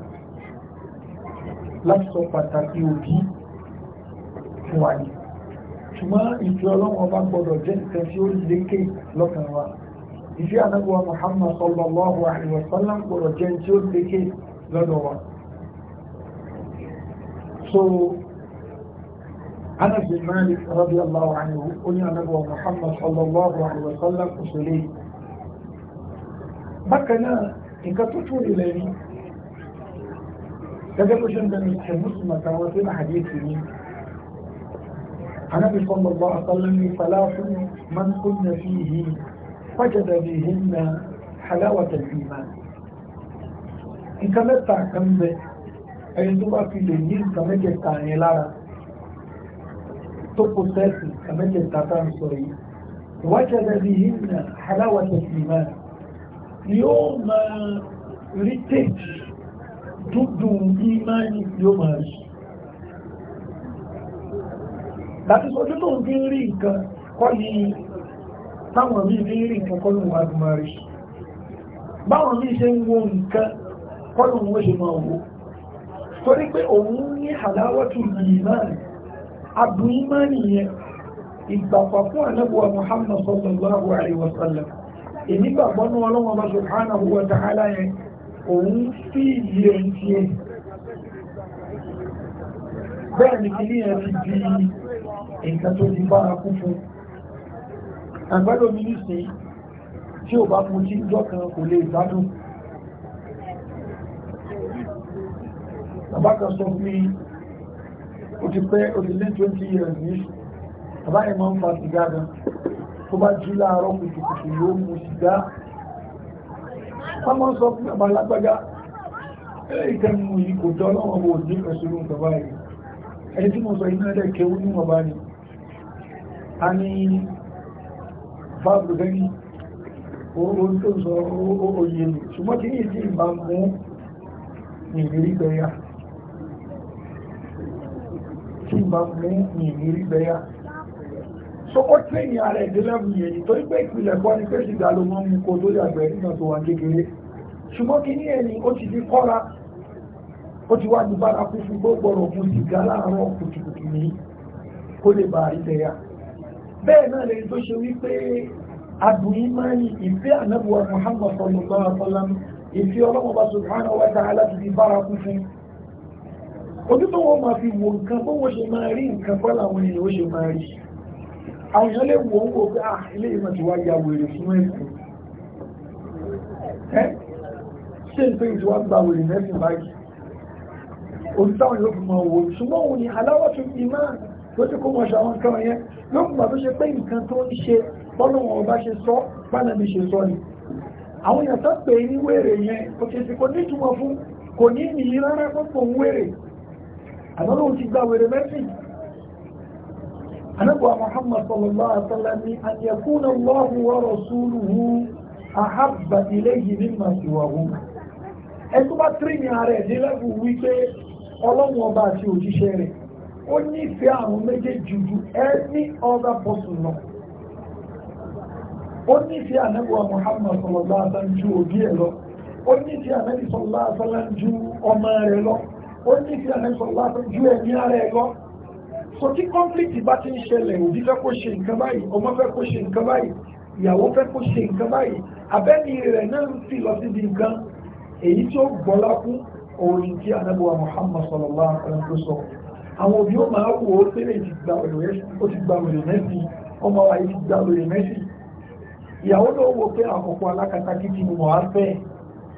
láti sọ pàtàkì òbí fún wa ni ṣùgbọ́n ìfẹ́ ọlọ́wọ́ ọba gbọ́dọ̀ jẹ́ nǹkan tí ó lékè lọ́kàn wa ìfẹ́ ànágbọ́n Muhammad sallallahu alaihi wa sallam gbọ́dọ̀ jẹ́ nǹkan tí ó lékè lọ́dọ̀ wa. ينصر أنس بن مالك رضي الله عنه قل يا نبو محمد صلى الله عليه وسلم أصليه بكنا إنك تطول إليه كذب جندا في مسلمة وفي حديث لي النبي صلى الله عليه وسلم ثلاث من كن فيه فجد بهن حلاوة الإيمان إن كانت تعتمد ẹni tó bá fi lè ní nǹkan mẹ́jẹ̀ta yẹn lára tó kò sẹ́ẹ̀sì nǹkan mẹ́jẹ̀ta tá à ń sọ yìí ìwádìí ẹ̀dẹ́bí yìí nà aláwọ̀tẹ̀ sì máa yóò máa rí tèjì dúdùn ìmáyì yóò máa rí láti sọjú tó ń fi rí nǹkan kọ́ ní táwọn míì fi rí nǹkan kọ́ ní wàá máa rí báwọn míì ṣe ń wo nǹkan kọ́ ní wọ́n ṣe máa wò ó torí pé òun ní àdáwọ́tù ìmáàlì abu ìmáàlì yẹn ìgbàpá fún ànábùwà Muhammad sallallahu alaihi wa sallam èmi gbàgbọ́ ní ọlọ́wọ́n bá subhanahu wa ta'ala yẹn òun sí ìdí ẹ̀ ń tiẹ̀ bẹ́ẹ̀ ni kí ní ẹ̀ ti di nǹkan tó ti bára kú fún àgbàdo mi nìsín tí ò bá mu tí ń jọ kan kò lè gbádùn bàbá kan sọ fún mi ó ti pẹ́ ó ti lé 20 years ní bàbá yẹn máa ń fa sìgá gan tó bá jí láàárọ̀ kùtùkùtù yóò mu sìgá wọ́n máa ń sọ fún bàbá lágbájá ìkẹ́mù yìí kò tọ́ lọ́wọ́ bó ní ẹ̀sùn bàbá yìí ẹni tí sọ oòrùn tó ṣùgbọ́n kí ní ìdí ìbá mú ní tí máa mú ìrírí bẹ́yà so ó tẹ́ ní ara ẹ̀dẹ́ lẹ́bù yẹn nítorí pé ìpìlẹ̀ kọ́ ni pé ṣìgá ló máa ń mú kó tó yàgbẹ́ nígbà tó wà kékeré ṣùgbọ́n kí ní ẹni ó ti di kọ́ra ó ti wá di bára kú fún gbọ́gbọ́rọ̀ fún ṣìgá láàárọ̀ kùtùkùtù ní kó lè bá rí bẹ́yà bẹ́ẹ̀ náà lẹ́yìn tó ṣe wípé adùnrin máa ń ìfẹ́ ànábùwà Muhammad sallallahu alaihi wasallam ìfẹ́ ọlọ́mọba subhanahu wa ta'ala ti di bára kú fún ojú tó wọ́n máa fi wo nǹkan bó wọ́n ṣe máa rí nǹkan bọ́ làwọn èèyàn ó ṣe máa rí àwọn èèyàn lè wò ó wò pé à ilé ìmọ̀ ti wá ya wèrè fún ẹ̀sìn ẹ́ ṣé ìpé ìtì wá gba wèrè mẹ́sìn báyìí ojú táwọn yóò fi máa wò ó ṣùgbọ́n òun ni aláwọ̀ tún fi máa tó ti kó mọ̀ ṣe àwọn nǹkan yẹn ló gbà tó ṣe pé nǹkan tó ń ṣe bọ́lá wọn ọba ṣe sọ pánàbí ṣe sọ ni àwọn èèyàn tó ní wèrè yẹn kò ṣe ti kò ní ìtumọ̀ fún kò ní ìyí rárá pọ́pọ̀ ń wèrè àmọ́ lóun ti gba wèrè mẹ́sìn anabuwa muhammad sallallahu alaihi wasallam ni an yakuna allahu wa rasuluhu ahabba ilayhi mimma siwahuma ẹtú bá tírì ní ara ẹ̀ nílẹ́bù wípé ọlọ́run ọba àti òjíṣẹ́ rẹ̀ ó nífẹ̀ẹ́ àwọn méjèèjì ju any other person lọ ó nífẹ̀ẹ́ ànábùwà muhammad sallallahu alaihi wasallam ju òbí ẹ̀ lọ ó nífẹ̀ẹ́ ànábì sallallahu alaihi wasallam ju ọmọ rẹ̀ lọ ó ní ìfẹ́ àmẹ́sọ̀lá ju ẹ̀mí ara ẹ̀ lọ so tí conflict bá ti ń ṣẹlẹ̀ òbí fẹ́ kó ṣe nǹkan báyìí ọmọ fẹ́ kó ṣe nǹkan báyìí ìyàwó fẹ́ kó ṣe nǹkan báyìí abẹ́ni rẹ̀ náà ń fi lọ síbi nǹkan èyí tí ó gbọ́lá fún òun tí anábọ̀wá Muhammad sallallahu alaihi wasallam tó sọ àwọn òbí ó máa wò ó tẹ́lẹ̀ ti gba òyìnbó mẹ́sì ọmọ wa yìí ti gba òyìnbó mẹ́sì ìyàwó náà wò pé àkọ́kọ́ alákatakí ti mọ̀ á fẹ́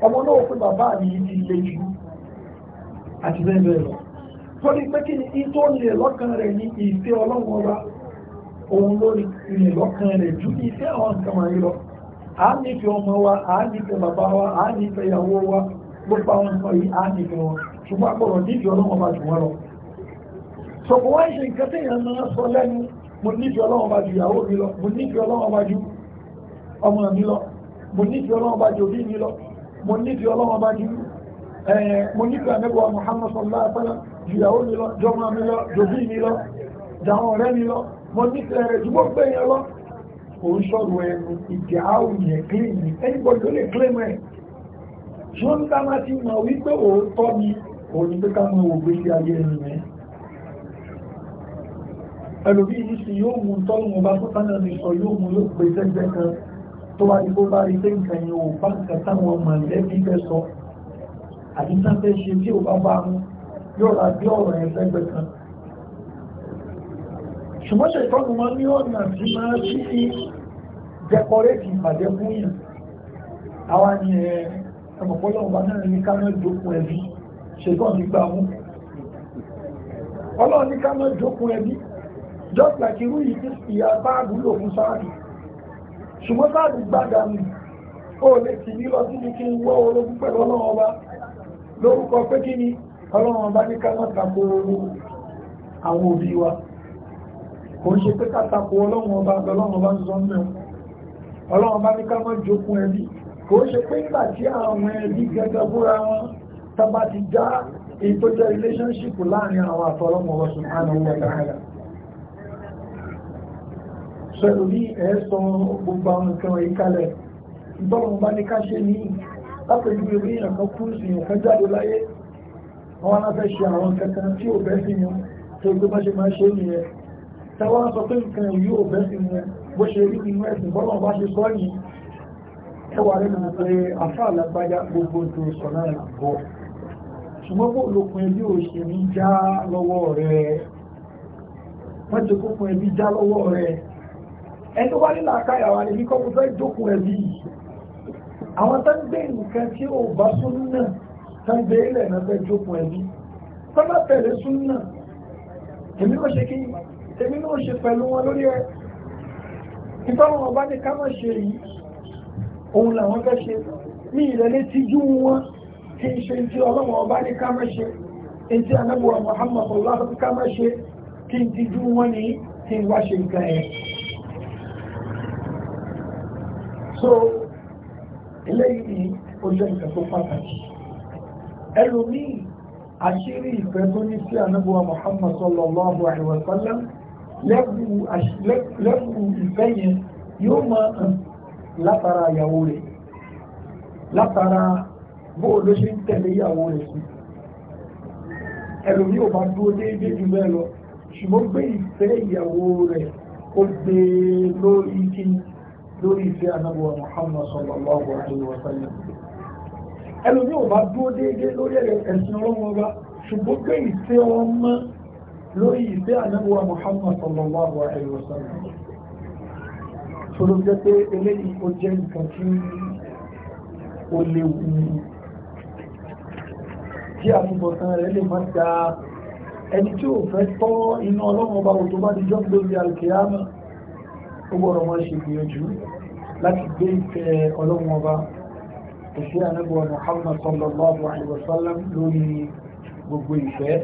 ọmọ náà wò pé bàbá mi ti le àti bẹ́ẹ̀ bẹ́ẹ̀ lọ torí pé kí ni ìtò lè lọ́kàn rẹ̀ ní ìfẹ́ ọlọ́run ọba òun ló lè lọ́kàn rẹ̀ ju ìfẹ́ àwọn nǹkan wọ̀nyí lọ a nífẹ̀ẹ́ ọmọ wa a nífẹ̀ẹ́ bàbá wa a nífẹ̀ẹ́ ìyàwó wa gbogbo àwọn nǹkan yìí a nífẹ̀ẹ́ wọn ṣùgbọ́n àpọ̀rọ̀ nífẹ̀ẹ́ ọlọ́run ọba jù wọ́n lọ sọ̀kọ̀ wá ṣe nǹkan téèyàn máa sọ lẹ́nu mo nífẹ̀ẹ́ ọlọ́run ọba ju ìyàwó mi lọ mo nífẹ̀ẹ́ ọlọ́run ọba ju ọmọ mi lọ mo nífẹ̀ẹ́ ọlọ́run ọba ju òbí mi lọ mo nífẹ̀ẹ́ ọlọ́run ọba ju mo nífẹ̀ẹ́ mẹ́wàá Muhammad sallallahu alaihi wasallam ìyàwó mi lọ jọmọ mi lọ jòbí mi lọ jàwọn ọ̀rẹ́ mi lọ mo nífẹ̀ẹ́ rẹ̀ jùmọ́ pé yẹn lọ òun sọ̀rọ̀ ẹnu ìjà àwọn yẹn claim ni anybody ló lè claim ẹ̀ ṣùgbọ́n nígbà máa ti mọ̀ wípé òótọ́ ni òun ni pé ká mọ òwe sí ayé ẹni rẹ̀ ẹlòmí yìí sì yóò mú tọ́lùmù bá tó tánà lè sọ yóò mú yóò pè sẹ́gbẹ́ kan tó wá ní kó bá rí pé yẹn ò bá nǹkan táwọn mọ̀lẹ́bí fẹ́ sọ àti náà fẹ́ ṣe tí ò bá bá mú yóò ra bí ọ̀rọ̀ ẹ̀ lẹ́gbẹ̀ẹ́ kan ṣùgbọ́n ṣe ìtọ́nu máa ní ọ̀nà tí máa ṣí sí dẹkọrẹ́tì ìpàdé fún yàn àwa ni ẹ ẹmọ̀pọ̀lọ́ ọba náà ní ká náà jókòó ẹbí ṣètò nígbà mú ọlọ́run ní ká náà ẹbí just like irú yìí tí ìyá báàgù lò fún sáàdì ṣùgbọ́n sáàdì gbàgbà mi ó lè ti ní lọ sí ní kí n wọ́ orogún pẹ̀lú ọlọ́run ọba lórúkọ pé kí ni ọlọ́run bá ní ká má tako àwọn òbí wa kò ń ṣe pé ká tako ọlọ́run ọba ọlọ́run ọba ń sọ mẹ́rin ọlọ́run bá ní ká má jokun ẹbí kò ń ṣe pé nígbà tí àwọn ẹbí gẹ́gẹ́ búra wọn tá bá ti já èyí tó jẹ́ relationship láàrin àwọn àtọ́lọ́mọ̀ ọba subhanahu wa ta'ala sọ ìròyìn ẹ̀ sọ gbogbo àwọn nǹkan ìkálẹ̀ ìtọ́lọ́run bá ní ká ṣe ní lápẹjú bí èèyàn kan kú sí èèyàn kan jáde láyé àwọn aláfẹ́ ṣe àwọn kankan tí ò bẹ́ sí yẹn tó gbé bá ṣe máa ṣe nìyẹn táwa sọ pé nǹkan yìí ò bẹ́ sí yẹn bó ṣe rí nínú ẹ̀sìn bọ́lọ̀ bá ṣe sọ yìí ẹwà rẹ̀ nà pé afá àlágbájá gbogbo tó sọ náà bọ̀ ṣùgbọ́n bó lókun ẹbí ò ṣe ní já lọ́wọ́ rẹ̀ wọ́n ti kókun ẹbí já lọ́wọ́ rẹ̀ ẹni tó wá nílà káyà wa fẹ́ jókòó ẹbí yìí àwọn tó ń gbé nǹkan tí ò bá súnà tó ń gbé ilẹ̀ náà fẹ́ jókòó ẹbí tó bá tẹ̀lé súnà èmi náà ṣe kí èmi náà ṣe pẹ̀lú wọn lórí ẹ ìbáwọn ọba ní ká má ṣe yìí òun làwọn fẹ́ ṣe ní ìrẹ̀lẹ̀ tíjú wọn kí n ṣe tí ọlọ́wọ́ ọba ní ká má ṣe ètí anábùwà Muhammad ọlọ́wọ́ ká má ṣe kí n tíjú wọn ní kí n wá ṣe nǹkan ẹ̀ so eléyìí ó jẹ́ nǹkan tó pàtàkì ẹlòmíì àṣírí ìfẹ́ tó ní sí anábùwà Muhammad sallallahu alaihi wa sallam lẹ́bù ìfẹ́ yẹn yóò máa hàn látara ìyàwó rẹ̀ látara bó o ló ṣe ń tẹ̀lé ìyàwó rẹ̀ sí ẹlòmíì ò bá dúró déédéé jù bẹ́ẹ̀ lọ ṣùgbọ́n gbé ìfẹ́ ìyàwó rẹ̀ ó gbé lórí kíni lórí ìfẹ́ anábọ̀ Muhammad sallallahu alaihi wa sallam ẹlòmí ò bá dúró déédéé lórí ẹ̀sìn ọlọ́wọ́ bá ṣùgbọ́n pé ìfẹ́ ọmọ lórí ìfẹ́ anábọ̀ Muhammad sallallahu alaihi wa sallam ṣòro jẹ́ pé eléyìí ó jẹ́ nǹkan tí ó léwu tí àtúbọ̀tán rẹ̀ lè má dáa ẹni tí ò fẹ́ tọ́ iná ọlọ́wọ́ bá wò bá ó gbọ́dọ̀ wọn ṣe gbìyànjú láti gbé ìfẹ́ ọlọ́run ọba ìfẹ́ anábọ̀ Muhammad sallallahu alaihi wasallam lórí gbogbo ìfẹ́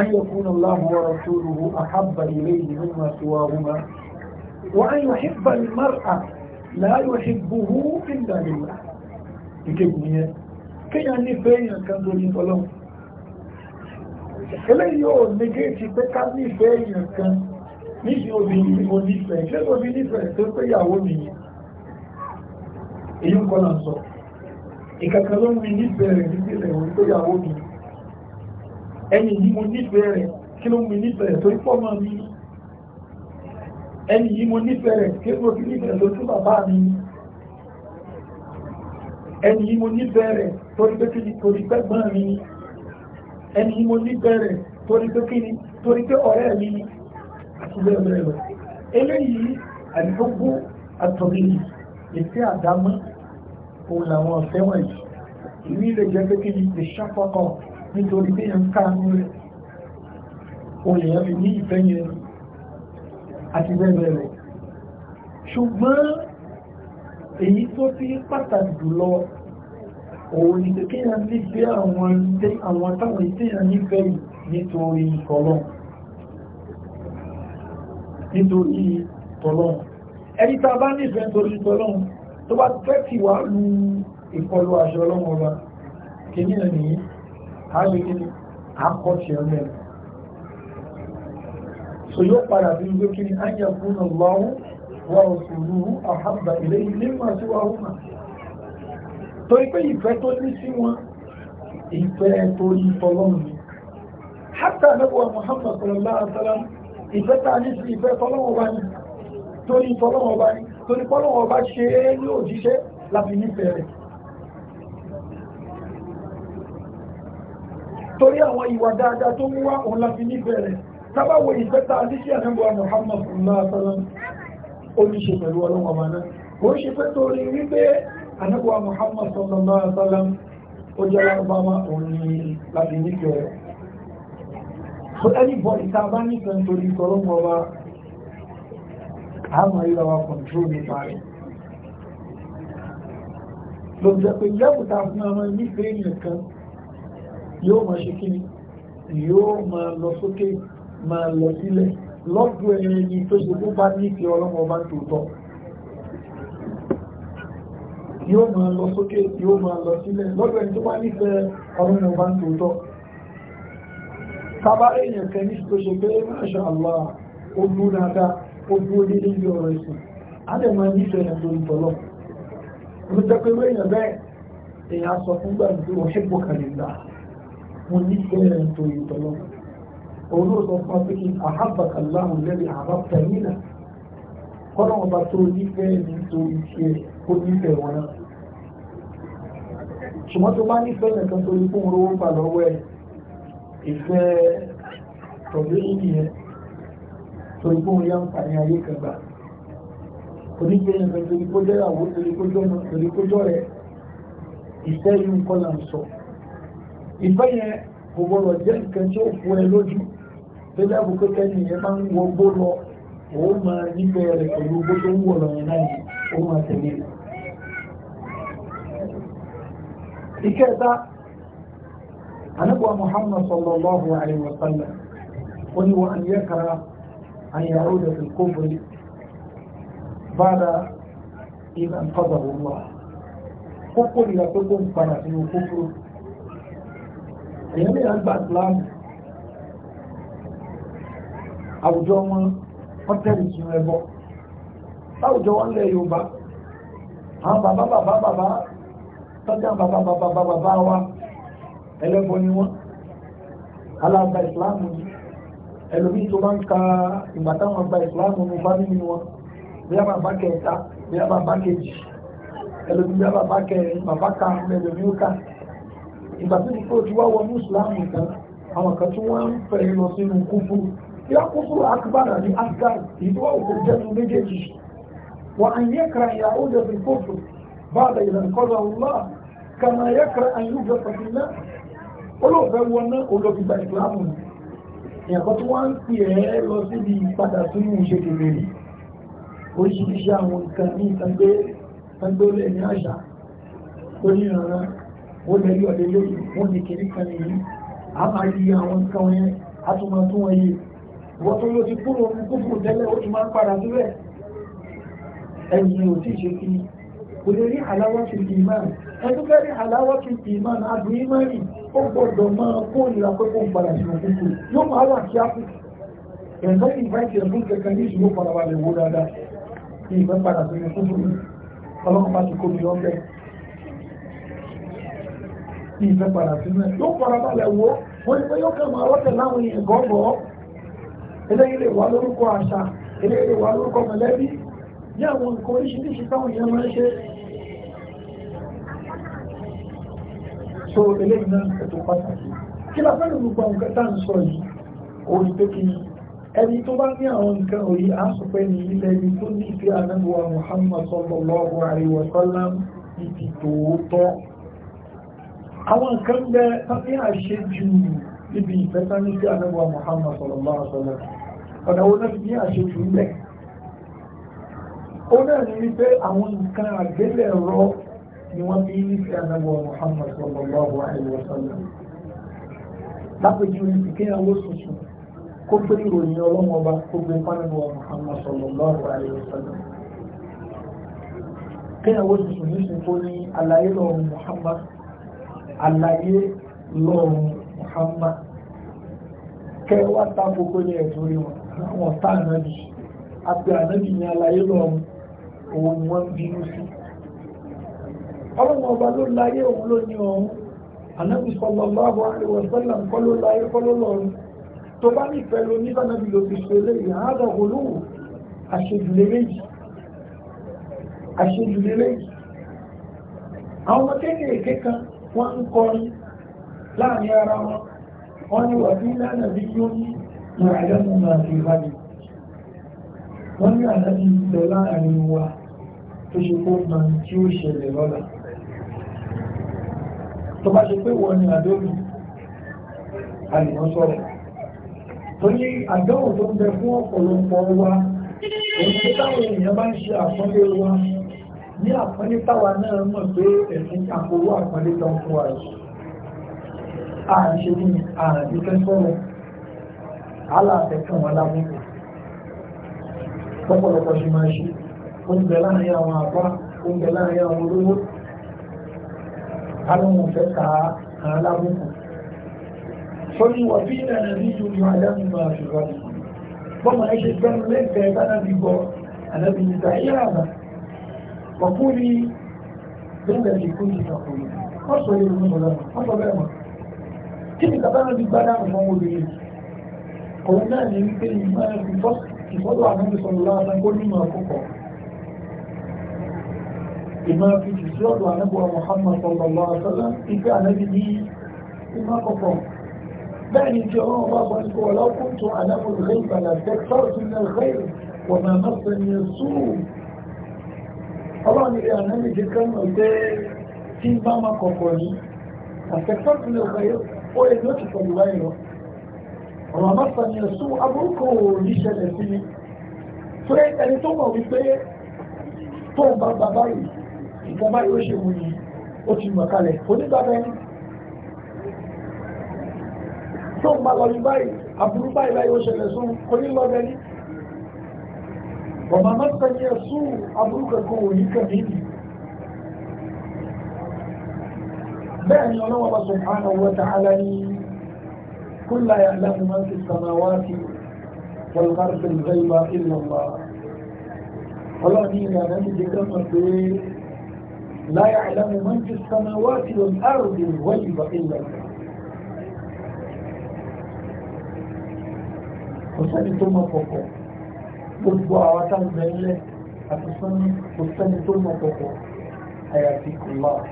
أن يكون الله ورسوله أحب إليه مما سواهما وأن يحب المرء لا يحبه إلا لله ìkébùnìyàn kíyàn nífẹ́ èèyàn kan lórí ọlọ́run eléyìí yóò negéètì pé ká nífẹ́ èèyàn kan níbi obìnrin tí mo nífẹ̀ẹ́ ṣé tó fi nífẹ̀ẹ́ tó pé ìyàwó mi yìí èyí ń kọ́nà sọ ìkàkà ló ń mi nífẹ̀ẹ́ rẹ̀ níbi rẹ̀ orí tó yàwó mi ẹni yìí mo nífẹ̀ẹ́ rẹ̀ kí ló ń mi nífẹ̀ẹ́ tó pọ̀ mọ́ mi ẹni yìí mo nífẹ̀ẹ́ rẹ̀ kí ló fi nífẹ̀ẹ́ tó tún bàbá mi ẹni yìí mo nífẹ̀ẹ́ rẹ̀ torí pé kí ni torí pé gbọ́n mi ẹni yìí mo nífẹ̀ẹ́ rẹ̀ torí pé kí ni torí pé ọ̀rẹ́ mi ni àti bẹ́ẹ̀ bẹ́ẹ̀ lọ eléyìí àdìgbòkú àtọ̀rí ìfẹ́ àdámọ́ òun làwọn ọ̀fẹ́ wọ̀nyí ìlú ilẹ̀ jẹ́ pé kí ni lè ṣàpọ̀kọ̀ nítorí pé yẹn ń káàánú rẹ̀ òun lè yẹn fi ní ìfẹ́ yẹn àti bẹ́ẹ̀ bẹ́ẹ̀ lọ ṣùgbọ́n èyí tó fi pàtàkì jùlọ òun ni pé kí yẹn ní bí àwọn táwọn ìtẹ́yàn nífẹ̀ẹ́ nítorí ìkọlọ́ọ̀ nítorí tọ́lọ́run ẹni tá a bá nífẹ̀ẹ́ nítorí tọ́lọ́run tó bá fẹ́ kí wá lu ìkọlù àṣẹ ọlọ́run ọba kìíní ẹ̀ nìyí a lè kí ni a kọ́ tiẹ̀ mẹ́rin so yóò padà bí wípé kí ni ányà fún ní sí wọn ìfẹ́ torí tọ́lọ́run ni hátà lọ́wọ́ ìfẹ́ ta ní sí ìfẹ́ tọ́lọ́wọ́ bá ní torí tọ́lọ́wọ́ bá ní torí tọ́lọ́wọ́ bá ṣe é ní òjíṣẹ́ láti nífẹ̀ẹ́ rẹ̀ torí àwọn ìwà dáadáa tó mú òun láti nífẹ̀ẹ́ rẹ̀ tábàwò ìfẹ́ ta ní sí àmẹ́bọ̀ Muhammad sallallahu ó ní ṣe pẹ̀lú ọlọ́wọ́ bá náà ó ṣe pé Muhammad sallallahu ó jẹ́ lárúbáwá òun ní láti so anybody tá a bá ní kan torí kọlọ́mọ wa àwọn control wa control nípa rẹ̀ lọ́jọ́ pé lẹ́bù tá a fún ọmọ nífẹ̀ẹ́ èèyàn kan yóò máa ṣe kí ni yóò máa lọ sókè máa lọ sílẹ̀ lọ́dún ẹ̀yìn ni tó ṣe tó bá nífẹ̀ẹ́ ọlọ́mọ bá ń tòótọ́ yóò máa lọ sókè yóò máa lọ sílẹ̀ lọ́dún ẹ̀yìn tó bá nífẹ̀ẹ́ ọlọ́mọ bá ń tòótọ́ kábà èèyàn kan ní tó ṣe pé masha Allah ó mú dáadáa ó dúró ní ilé ọ̀rọ̀ ẹ̀sìn á lè máa nífẹ̀ẹ́ yẹn tó ń tọ́lọ̀ mo jẹ́ pé èèyàn bẹ́ẹ̀ èèyàn sọ fún gbà tí wọ́n ṣẹ́gbọ́ kàlẹ́ńdà mo nífẹ̀ẹ́ yẹn tó ń tọ́lọ̀ òun ló sọ fún pé kí ahabbaka Allahu alladhi ahbabtani ìfẹ́ pẹ̀lú ìyẹn tó gbóhùn yá ń pàdé ayé kan gbà onígbẹ̀yìn kan torí kó jẹ́ àwọn torí kó jọ́ rẹ̀ ìfẹ́ yìí ń kọ́ là ń sọ ìfẹ́ yẹn kò gbọ́dọ̀ jẹ́ nǹkan tí ó fún ẹ lójú bébí àbúkọ́ kẹ́yìn yẹn máa ń wọ gbó lọ ó máa nífẹ̀ẹ́ rẹ̀ pẹ̀lú bó tó ń wọ̀ lọ yẹn náà ó máa tẹ̀lé ìkẹta anabuwa muhammad sallallahu alaihi wa sallam ó ní wa an yakara an ya'uda fil kufri bada idh anqadahu allah ó kórìíra pé kó ń padà sínú kúfúrú èèyàn lè àgbà ìsìláàmù àwùjọ wọn wọn tẹ̀lé sínú ẹbọ láwùjọ wọn lẹ yorùbá àwọn bàbá bàbá bàbá tọ́jú àwọn bàbá bàbá bàbá wa ẹlẹ́bọ ni wọ́n alága ìsìláàmù ni ẹlòmíì tó bá ń ka ìgbà táwọn gba ìsìláàmù ní fámìlì wọn bí a bàbá kẹta bí a bàbá kejì ẹlòmíì bí a bàbá kẹrin bàbá kan ẹlòmíì ó kà ìgbà tó ti kó o ti wá wọnú ìsìláàmù kan àwọn kan tí wọ́n ń fẹ́ lọ sínú kúfú ìyá kúfú akbara ní asgar ìdúrà òkú jẹ́nu méjèèjì wà á yẹ kra ìyá ó lè fi kófù bá a lè yẹ olóòfẹ́ wọná olóògbà ìsìlámù ni ìyàkọ́ tí wọ́n ń pè ẹ́ lọ síbi ìpadà sínú ìṣe kèrè rí oríṣiríṣi àwọn nǹkan ní ìtàgbé tàgbélé ní àṣà tó ní ìrànlá ó lè rí ọ̀dẹ́ lórí wọ́n ní kiri a máa yí àwọn nǹkan yẹn a tún máa tún wọn yé wọ́n tó ló ti kúrò ní kúfù tẹ́lẹ̀ ó ti máa ń padà síbẹ̀ ẹ̀yìn ò tí ì ṣe kí kò lè ẹdúkẹ́rì aláwọ̀kì ìmọ̀ àdùn ìmọ̀rì ó gbọ́dọ̀ máa kó ìlà pé kó ń padà sí òkúkú yóò máa wà kí á kú ẹ̀ńtọ́ ìfẹ́ǹtì ẹ̀fún kẹ̀kẹ́ ní ìṣòro padà wà lè wó dáadáa ní ìfẹ́ padà sí òkúkú ọlọ́run bá ti kó mi lọ́gbẹ́ ní ìfẹ́ padà sí mẹ́ yóò padà wà lè wó wọ́n ní pé yóò kẹ́ máa rọ́tẹ̀ láwọn èèyàn gọ́gọ́ eléyìí lè wá lórúkọ àṣà eléyìí lè wá lórúkọ mọ̀lẹ́bí ní àwọn nǹkan oríṣiríṣi táwọn èèyàn máa ń ṣe so eléyìí náà nǹkan tó pàtàkì kí la fẹ́ lòlù gba nǹkan tá à ń sọ yìí òun pé kí ẹni tó bá ní àwọn nǹkan òye á sọ pé ní ilẹ̀ ibi tó ní ìfẹ́ anábùwà Muhammad sallallahu alaihi wa sallam ní ti tòótọ́ àwọn nǹkan bẹ tàbí àṣejù níbi ìfẹ́ tání sí anábùwà Muhammad sallallahu alaihi wa sallam wo náà ní àṣejù ń bẹ̀ ó náà ní wípé àwọn nǹkan àgbélẹ̀rọ ni wọ́n bí nífẹ̀ẹ́ anábọ̀ Muhammad sallallahu alaihi wa sallam lápẹjú ìkéyàn owó tuntun kó pé ìròyìn ọlọ́wọ́n ọba kó gbé pánàbọ̀ Muhammad sallallahu alaihi wa sallam kéyàn owó tuntun ní sinfó ní àlàyé lọ́rùn Muhammad àlàyé lọ́rùn Muhammad kẹwàá tako kó ní ẹ̀tọ́ rí wọn àwọn tá ànábì àti ànábì ní àlàyé lọ́rùn òun ni wọ́n bínú sí ọlọ́run ọba ló láyé òun ló ní ọ̀hún ànábì sallallahu alaihi wasallam kọ́ ló láyé kọ́ ló lọ́run tó bá nífẹ̀ẹ́ lo nígbàdàbí ló fi ṣe lè yàn án dàgbò lóhùn àṣejùlé méjì àṣejùlé méjì àwọn ọmọ kéékèèké kan wọ́n ń kọrin láàrin ara wọn wọ́n ní wàbí lánàá yóò ní ìrànlọ́nà àti ìbàdí wọ́n ní àdájú ìtẹ̀ láàrin wa tó ṣe kó mọ tí ó ṣẹlẹ̀ lọ́la tó bá ṣe pé wọ́n ni àdóbi àìmọ́ sọ̀rọ̀ tó ní àdánwò tó ń bẹ fún ọ̀pọ̀lọpọ̀ wa èyí tó táwọn èèyàn bá ń ṣe àpọ́nlé wa ní àpọ́nlé táwa náà mọ̀ pé ẹ̀sìn àpòwò àpọ́nlé tó ń fún wa yìí àṣẹ ní àrùn ìfẹ́ sọ̀rọ̀ aláàfẹ́kàn wọn lábúkù pọ́pọ̀lọpọ̀ ṣe máa ṣe oúnjẹ láàrin àwọn àbá oúnjẹ láàrin àwọn olówó alóhùn fẹ́ ka àwọn alábùkù sọ́ni wà bí ìlànà ní ìlú ní adámi máa fi wá ní bọ́mọ ẹ ṣe gbẹ́nu lẹ́gbẹ̀ẹ́ bánà bí gbọ́ ànábì níta yíra àmà wàkúrí bẹ́ẹ̀ lè kú ìjìnà kò yìí wọ́n sọ èrò ní ọ̀la wọ́n sọ bẹ́ẹ̀ mọ̀ kí ni bàbá náà bí gbádà àwọn ọmọ obìnrin òun náà ní wípé ìmọ̀ ìfọ́dọ̀ ànábì sọ̀rọ̀ láwọn akónímọ̀ àkọ́kọ́ ìmọ̀ fi sí ọ̀dọ̀ anábọ̀ Muhammad sallallahu alaihi wasallam ìgbé anábì ní ìmọ̀ kọ̀kọ̀ bẹ́ẹ̀ ni tí ọlọ́run bá bọ́ nípa wọlé ọkùnrin tó anábọ̀ ìgbé ìbàlẹ̀ tẹ́kítọ́ọ̀tì náà rẹ̀ wọ̀ máa má sọ ní ẹ̀sù ọlọ́run ilé anábì ti kánú pé tí ń bá máa kọ̀kọ̀ ní àtẹ́kítọ́ọ̀tì náà rẹ̀ ó yẹ kí ó ti tó ẹni ìjọba yóò ṣe wù yìí ó ti mọ̀ kalẹ̀ onígbàgbẹ́ ní tó ń bá lọ ní báyìí àbúrú báyìí láyé ó ṣẹlẹ̀ sún onílọ́gbẹ́ ní ọmọ mọ́sánjẹ́ sún àbúrú kankan òní kẹ̀mí ni bẹ́ẹ̀ ni ọlọ́wọ́ bá subhanahu wa ta'ala ní kullu ya'lamu man fi samawati wal ardi al-ghayba illa Allah ọlọ́ni ìlànà ti jẹ́ kẹ́mọ̀ pé لا يعلم من في السماوات والأرض الغيب إلا الله وسنة ثم فوقه تطبع وطن بيلة أتصنع وسنة ثم فوقه حياتيك الله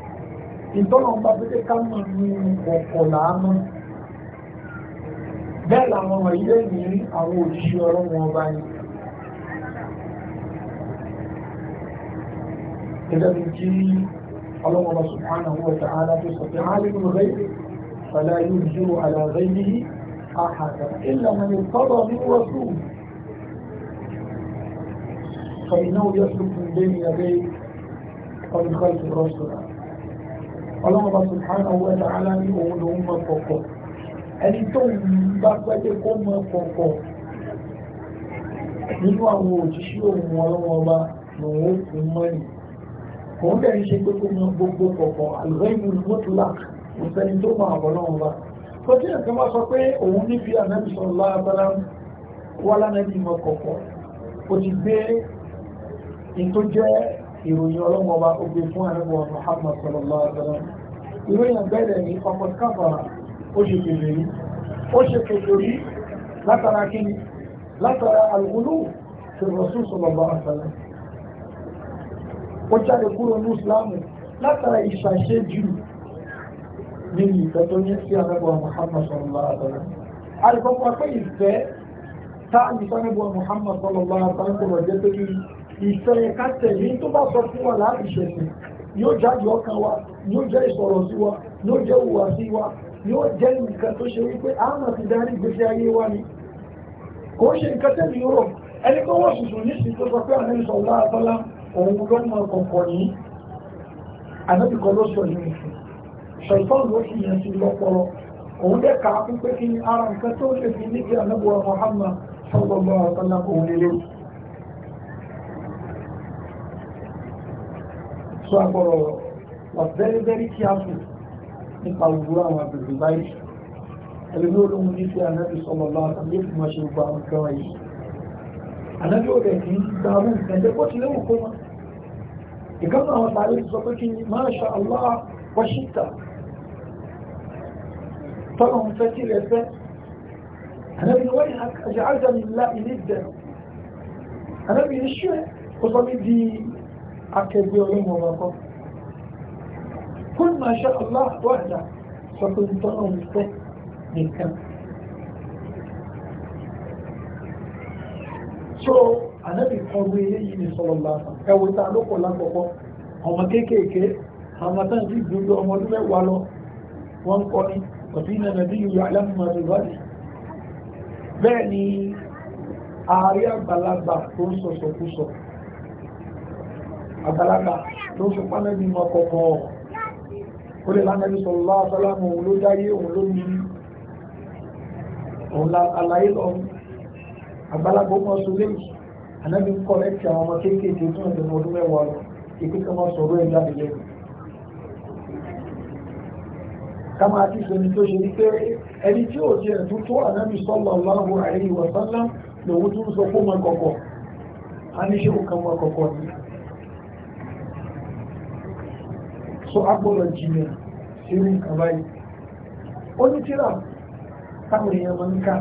إنتون هم بابده كان مجنين وقلام بيلا ما ويلين أروا الشيارة موضعين gẹ́gẹ́ bí kí ọlọ́mọba subhanahu wa ta'ala tó sọ pé alimu ghaibi fala yuzhiru ala ghaibihi ahada illa man irtada min rasul فإنه يسلك من بين يديه قد خلف الرسول ọlọ́mọba subhanahu wa ta'ala ní òun lòun mọ kọ̀kọ̀ ẹni tó ń bá pẹ́lẹ́ kó òun dẹ̀ ń ṣe pé kó mọ gbogbo kọ̀kọ̀ àlùfẹ́yìn olùmọ́tòlá òsẹ́ni tó mọ àbọ̀lọ́run wa tó tí ẹ̀sán bá sọ pé òun níbi ànábì sọ̀rọ̀ lábára wà lánàbì mọ kọ̀kọ̀ ó ti gbé in jẹ́ ìròyìn ọlọ́wọ́ wa fún ànábì wa Muhammad lábára ìròyìn àgbẹ̀rẹ̀ ní ọkọ̀ káfàrà ó ṣe kèfè rí ó ṣe kèfè rí látara kíni látara àlùkùnú ṣe wọ́n jáde kúrò ní ìsìláàmù látara ìṣàṣe jù nínú ìfẹ́ tó ní sí anábọ̀ Muhammad sallallahu alaihi wasallam alùpàpọ̀ pé ìfẹ́ táàmì sanábọ̀ Muhammad sallallahu alaihi wasallam kò jẹ́ pé kí ìfẹ́ ká tẹ̀lé tó bá sọ fún wa láti ṣẹ̀sìn yóò jáde ọkàn wa yóò jẹ́ ìsọ̀rọ̀ sí wa yóò jẹ́ ìwà sí wa yóò jẹ́ nǹkan tó ṣe wípé àmà ti darí gbèsè ayé wa ni kò ń ṣe nǹkan tẹ́lẹ̀ yóò ẹni kó wọ́n sùsù ní ìsìn tó sọ pé àná ìsọ̀rọ̀ òun ló mọ kọ̀kọ̀ yìí ànábìkọ́ ló sọ yìí nìkan ṣọ̀tọ́n ló sì yẹn sí lọ́pọ̀lọ́ òun dẹ́ kàá fún pé kí ni ara nǹkan tó lè fi níbi ànábùwà Muhammad sọ́gbọ́gbọ́ ọ̀tọ́lá òun lè léwu. sọ àgbọ̀rọ̀ wà very very careful nípa òwúrọ̀ àwọn àgbègbè báyìí ẹlẹ́bí olóhun ní sí ànábì sọ̀rọ̀ lọ́wọ́ àtàlẹ́ ìfúnmọ̀ṣe gbogbo àwọn nǹkan wáyé ànábì ò rẹ̀ kì í gbàrú nǹkan jẹ́ bó tilẹ̀ wù kó wọn ìkan náà wọn sáré sọ pé kí máṣá Allah wọ́ṣítà tọ́lọ̀ ń fẹ́ kí rẹ̀ fẹ́ ànábi ni wọ́n yà àjàájà mi lá ilé ìdẹ̀rù ànábi ni ṣé ó sọ mí di akẹgbẹ́ ọlọ́mọ ọba kan kún máṣá Allah wọ́ṣà sọ pé tọ́lọ̀ ń fẹ́ nìkan. So ànábì kọlu eléyìí ní sọlọ́lá ẹwọ ta ló pọ̀ lákọ̀ọ́kọ́ ọmọ kéékèèké àwọn tán ti gbogbo ọmọ ọdún mẹ́wàá lọ wọ́n ń kọ́ ni ọ̀tí iná nàbí yorùbá alámùmá ti báyìí bẹ́ẹ̀ ni ààrẹ àgbàlagbà tó ń sọ̀sọ̀kúsọ̀ àgbàlagbà tó ń sọpá náà ní mọ́ kọ̀ọ̀kọ̀ ó lè lánàbí sọ̀rọ̀lá àtàlámù òun àgbàlagbà ó mọ̀ sọ léyìí ànábi ń kọ́rẹ́tì àwọn ọmọ kéékèèké tó ń dẹnu ọdún mẹ́wàá lọ èké kan máa sọ̀rọ̀ ẹ̀ jáde lẹ́nu. ká máa ti sọ ní tó ṣe wípé ẹni tí ò jẹ́ ẹ̀dún tó ànábi sallallahu alaihi wa sallam lòun tún sọ fún ọmọ kọ̀kọ̀ a ní ṣe òkan ọmọ kọ̀kọ̀ ni. so a gbọ́dọ̀ jìnnà sí irú nǹkan ó ní tíra táwọn èèyàn máa ń ká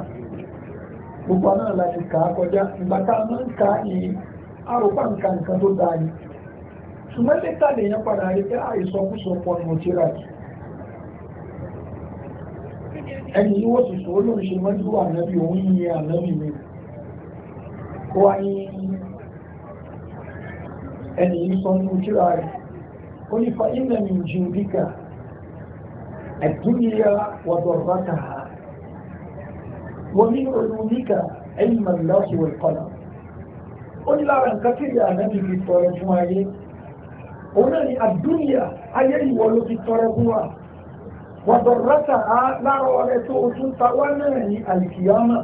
gbogbo náà láti kà á kọjá ìgbà tá a máa ń ka ìyí àròpá nǹkan nǹkan tó dáa ni ṣùgbọ́n lẹ́tà lèèyàn padà rí pé àìsọkúsọ ah, pọ̀ ní òtíra yìí ẹni yìí wọ́n sì sọ ó lóun ṣe mọ́jú ànábì òun yìí ànábì mi ó wá ní ẹni yìí sọ ní òtíra rẹ̀ ó ní fa ìmẹ̀mí jù bíkà ẹ̀dúnyà wàdọ̀rọ̀ta ومن علومك علم الله والقلم ó ní lára nǹkan tí ìyá ànábì fi tọrọ fún ayé òun náà ni àdúnyà ayé ìwọ ló fi tọrọ fún wa wàdọ̀rọ́tà á lára ọ̀rẹ́ tó o tún ta wá náà ní àlìkìyámà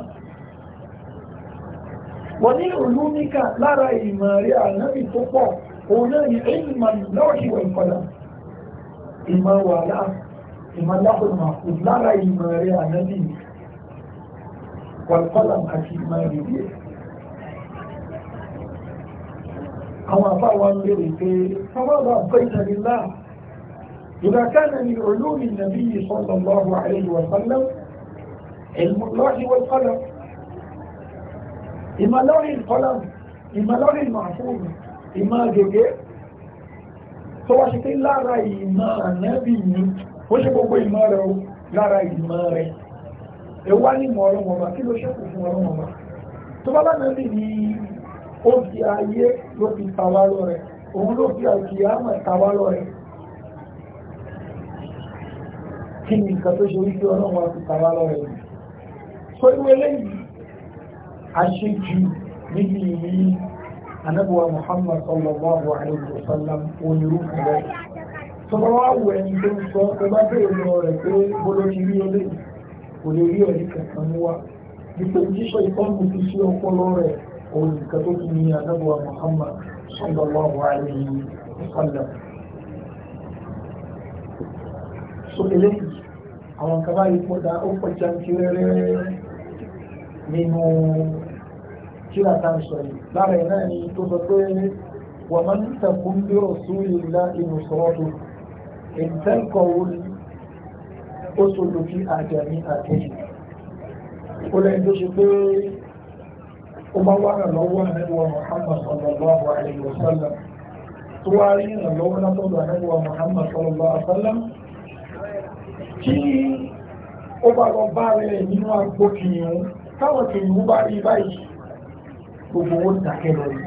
wọ́n ní olúmíkà lára ìmọ̀ rí ànábì tó pọ̀ òun náà ni ìmọ̀ lọ́ọ̀ṣì wọ̀ ìkọlà ìmọ̀ wàhálà ìmọ̀ lábòmọ̀ lára ìmọ̀ rí ànábì والقلم àti ما ìrìbí ẹ̀. àwọn àbá wa ń lérè pé إذا كان من علوم النبي صلى الله عليه وسلم علم الله والقلم إما لون القلم إما لون المعفوظ إما جيجي سواء شكل لا رأي ما نبي وشبه ما رأي لا رأي ما رأي ẹ̀wá ní mọ̀ ọ̀rọ̀ wọn bá kí ló ṣẹ́kù fún ọ̀rọ̀ wọn bá tó bá lánàá lè ní ó fi ayé ló fi tàwa lọ rẹ̀ òun ló fi àkìyàmọ̀ tàwa lọ rẹ̀ kí ni nǹkan tó ṣe wípé ọ̀rọ̀ wọn fi tàwa lọ rẹ̀ sọ ìwé lẹ́yìn àṣejù níbi ìlú anábùwà Muhammad sallallahu alayhi wa sallam onírú kan rẹ̀ tó bá wà wù ẹni tó ń sọ tó bá bèèrè lọ rẹ̀ pé bó ti rí olóyìn kò lè rí ẹ̀rí kankan wá nípa jíṣọ́ ìfọ́nù fi sí Muhammad sallallahu Alaihi Wasallam. sallam. so eléyìí àwọn kan báyìí pọ̀ dá ó pọ̀ jantirẹ́rẹ́ nínú kíra tá a sọ yìí lára ẹ̀ náà ni tó ó sọ̀rọ̀ kí àjà ní àtẹ́yìn ó lẹ́yìn tó ṣe pé ó bá wà lọ́wọ́ àrẹ́wọ̀ Muhammad sallallahu alaihi wasallam tó wá rí ìrànlọ́wọ́ látọ̀dọ̀ àrẹ́wọ̀ Muhammad sallallahu alaihi wasallam kí ó bá lọ bá rẹ̀ nínú àgbo kìnìún táwọn kìnìún bá rí báyìí gbogbo owó dákẹ́ lọ rí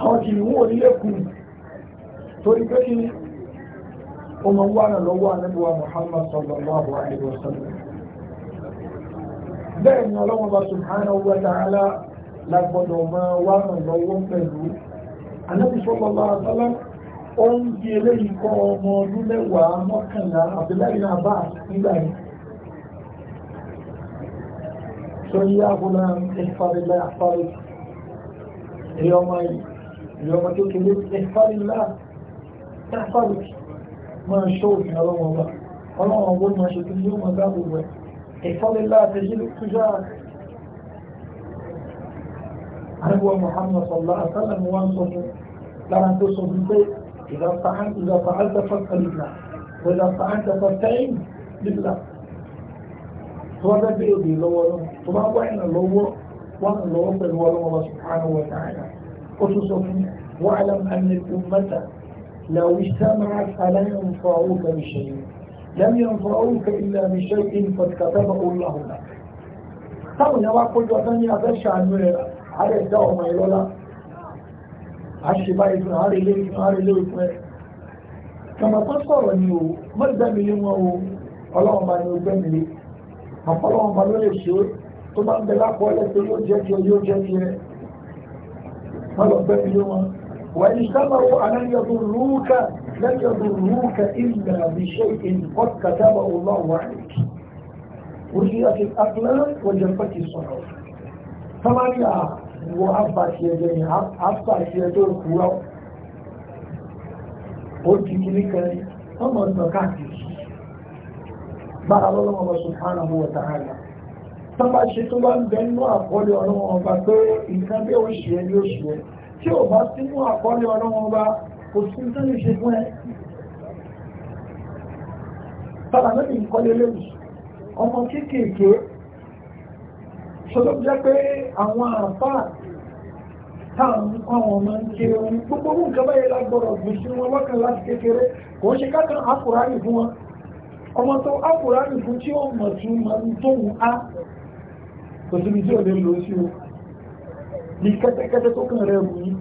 àwọn kìnìún ò nílé kù torí pé kìnìún ọmọ wa náà lọ́wọ́ anábíwá Muhammad sallallahu alayhi wa sallam bẹ́ẹ̀ ni ọlọ́wọ́n bá subhanahu wa ta'ala lágbọ́dọ̀ máa wá náà lọ́wọ́ pẹ̀lú anábí sallallahu alayhi wa sallam ó ń di eléyìí kọ́ ọmọ ọdún mẹ́wàá mọ́kànlá Abdullahi náà bá nígbà yìí sọ́yí àbúlá ìfàdílá àfàrí ìyọmọ kékeré ìfàdílá àfàrí máa ṣó òfin ọlọ́wọ́ wa ọlọ́wọ́ owó máa ṣe kí yóò máa dáàbò wẹ̀ ìfọ́lélá àtẹ́jílú túnṣá àríwá Muhammad sọ̀lá àtàlẹ̀ mú wọn sọ fún lára tó sọ fún pé ìdàpá ìdàpá àtẹ́fà kàlìlà ìdàpá àtẹ́fà tẹ́yìn lílà tó wá bẹ́ẹ̀ bèèrè lọ́wọ́ lọ́wọ́ tó bá wá lọ́wọ́ wọn lọ́wọ́ pẹ̀lú ọlọ́wọ́ لو اجتمعت فلا ينفعوك بشيء لم ينفعوك إلا بشيء قد كتبه الله لك táwọn èèyàn wá kójú ọdún ní abẹ́ ṣàánú rẹ̀ ààrẹ ìdá ọmọ ìlọ́lá àṣìbá ìfún ààrẹ ilé ìfún ààrẹ ilé ìfún ẹ̀ kàmà tó sọ̀rọ̀ ni o mọ́gbẹ́mi lé wọn o ọlọ́run bá ní ọgbẹ́mi lé àpọ̀ bá ló lè ó tó bá ń bẹ lápọ̀ ẹlẹ́sẹ̀ yóò jẹ́ tiẹ̀ yóò jẹ́ tiẹ̀ wọ́n lọ gbẹ́mi lé wọn وإن اجتمعوا على أن يضروك لن يضروك إلا بشيء قد كتبه الله عليك وجئت الأقلام وجفت الصحف ثمانية وأبعت يدين أبعت يدين كورا قلت كلك أما المكاتب بعد الله سبحانه وتعالى ثم أشتبان بأنه أقول أنه أبعت إن كان بيوشي يوشي tí ò bá sínú àkọọ́lẹ̀ ọlọ́wọ́n bá kò sí tó lè ṣe fún ẹ tàbí lẹ́bí ìkọlé lẹ́bí ọmọ kéékèèké ṣọlọ́ jẹ́ pé àwọn àfáà táàmù àwọn ọmọ ń ké orin gbogbo ohun kan báyìí lágbọ́rọ̀ gbìn sí wọn lọ́kàn láti kékeré kò ń ṣe kákan àkùránì fún wọn ọmọ tó àkùránì fún tí ó mọ̀ tí ó mọ̀ tóun á kò síbi tí ò lè lò sí o ní kẹ́tẹ́kẹ́tẹ́ tó kàn rẹ̀ wù yí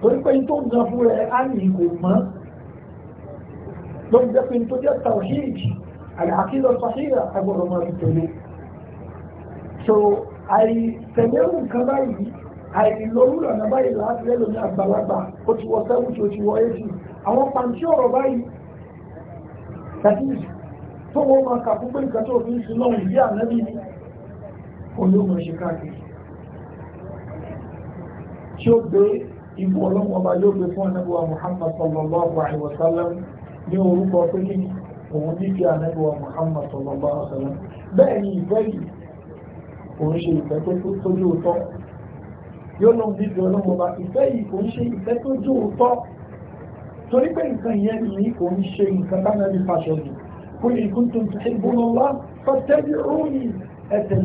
torí pé tó ń gan fún rẹ̀ á ní kò mọ́ ló ń jẹ́ pé tó jẹ́ tawhid àkílọ̀ sahira agbọ̀rọ̀ máa fi tẹ̀lé so àìtẹ̀lẹ́rù nǹkan báyìí àìlórúlù ọ̀nà báyìí láti lẹ́lò ní àgbàlagbà ó ti wọ sẹ́wùtì ó ti wọ èsì àwọn pàǹtí ọ̀rọ̀ báyìí tàbí tó wọ́n máa kà fún pé nǹkan tó fi ń sin lọ́hùn bí ànábì ní olóòmọ̀ ṣe káàkiri tí ó gbé ibú ọlọ́run ọba yóò gbé fún anábíwá muhammad sallallahu alaihi wa sallam ní orúkọ pé kí òun nífẹ̀ẹ́ anábíwá muhammad sallallahu alaihi wa sallam bẹ́ẹ̀ ni ìfẹ́ yìí òun ṣe ìfẹ́ tó tó lóòótọ́ yóò lóun nífẹ̀ẹ́ ọlọ́run ọba ìfẹ́ yìí òun ṣe ìfẹ́ tó lóòótọ́ torí pé nǹkan yẹn ni kò ń ṣe nǹkan bá náà ní fàṣọ ni kul in kuntum tuhibbuna Allah fattabi'uni ẹ̀tẹ̀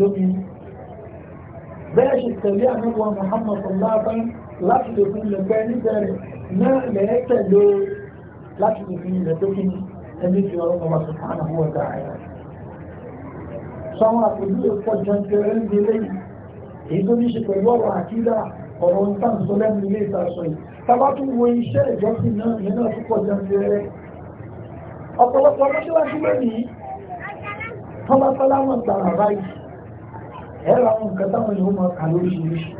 láti lè fi ilẹ̀ pẹ́ níbẹ̀rẹ̀ náà lẹ́ẹ̀ tẹ̀lé láti lè fi ilẹ̀ tó kí ẹni fi ọ̀rọ̀ ọmọ sùpánà wọ̀ dáadáa. sọ́wọ́n àpèjúwe pọ̀ jẹun tẹ̀lé èyí tó ní ṣe pẹ̀lú ọ̀rọ̀ àkídà ọ̀rọ̀ ń tàn sọ lẹ́nu ilé ìtàṣọ yìí tàbá tún wo iṣẹ́ ìjọsìn náà yẹn náà púpọ̀ jẹun tẹ̀lé ọ̀pọ̀lọpọ̀ mọ́ṣáláṣí lónìí tọ́lá wọn gbàrà báyìí ẹ̀rọ àwọn nǹkan táwọn yòó máa kà lóríṣiríṣi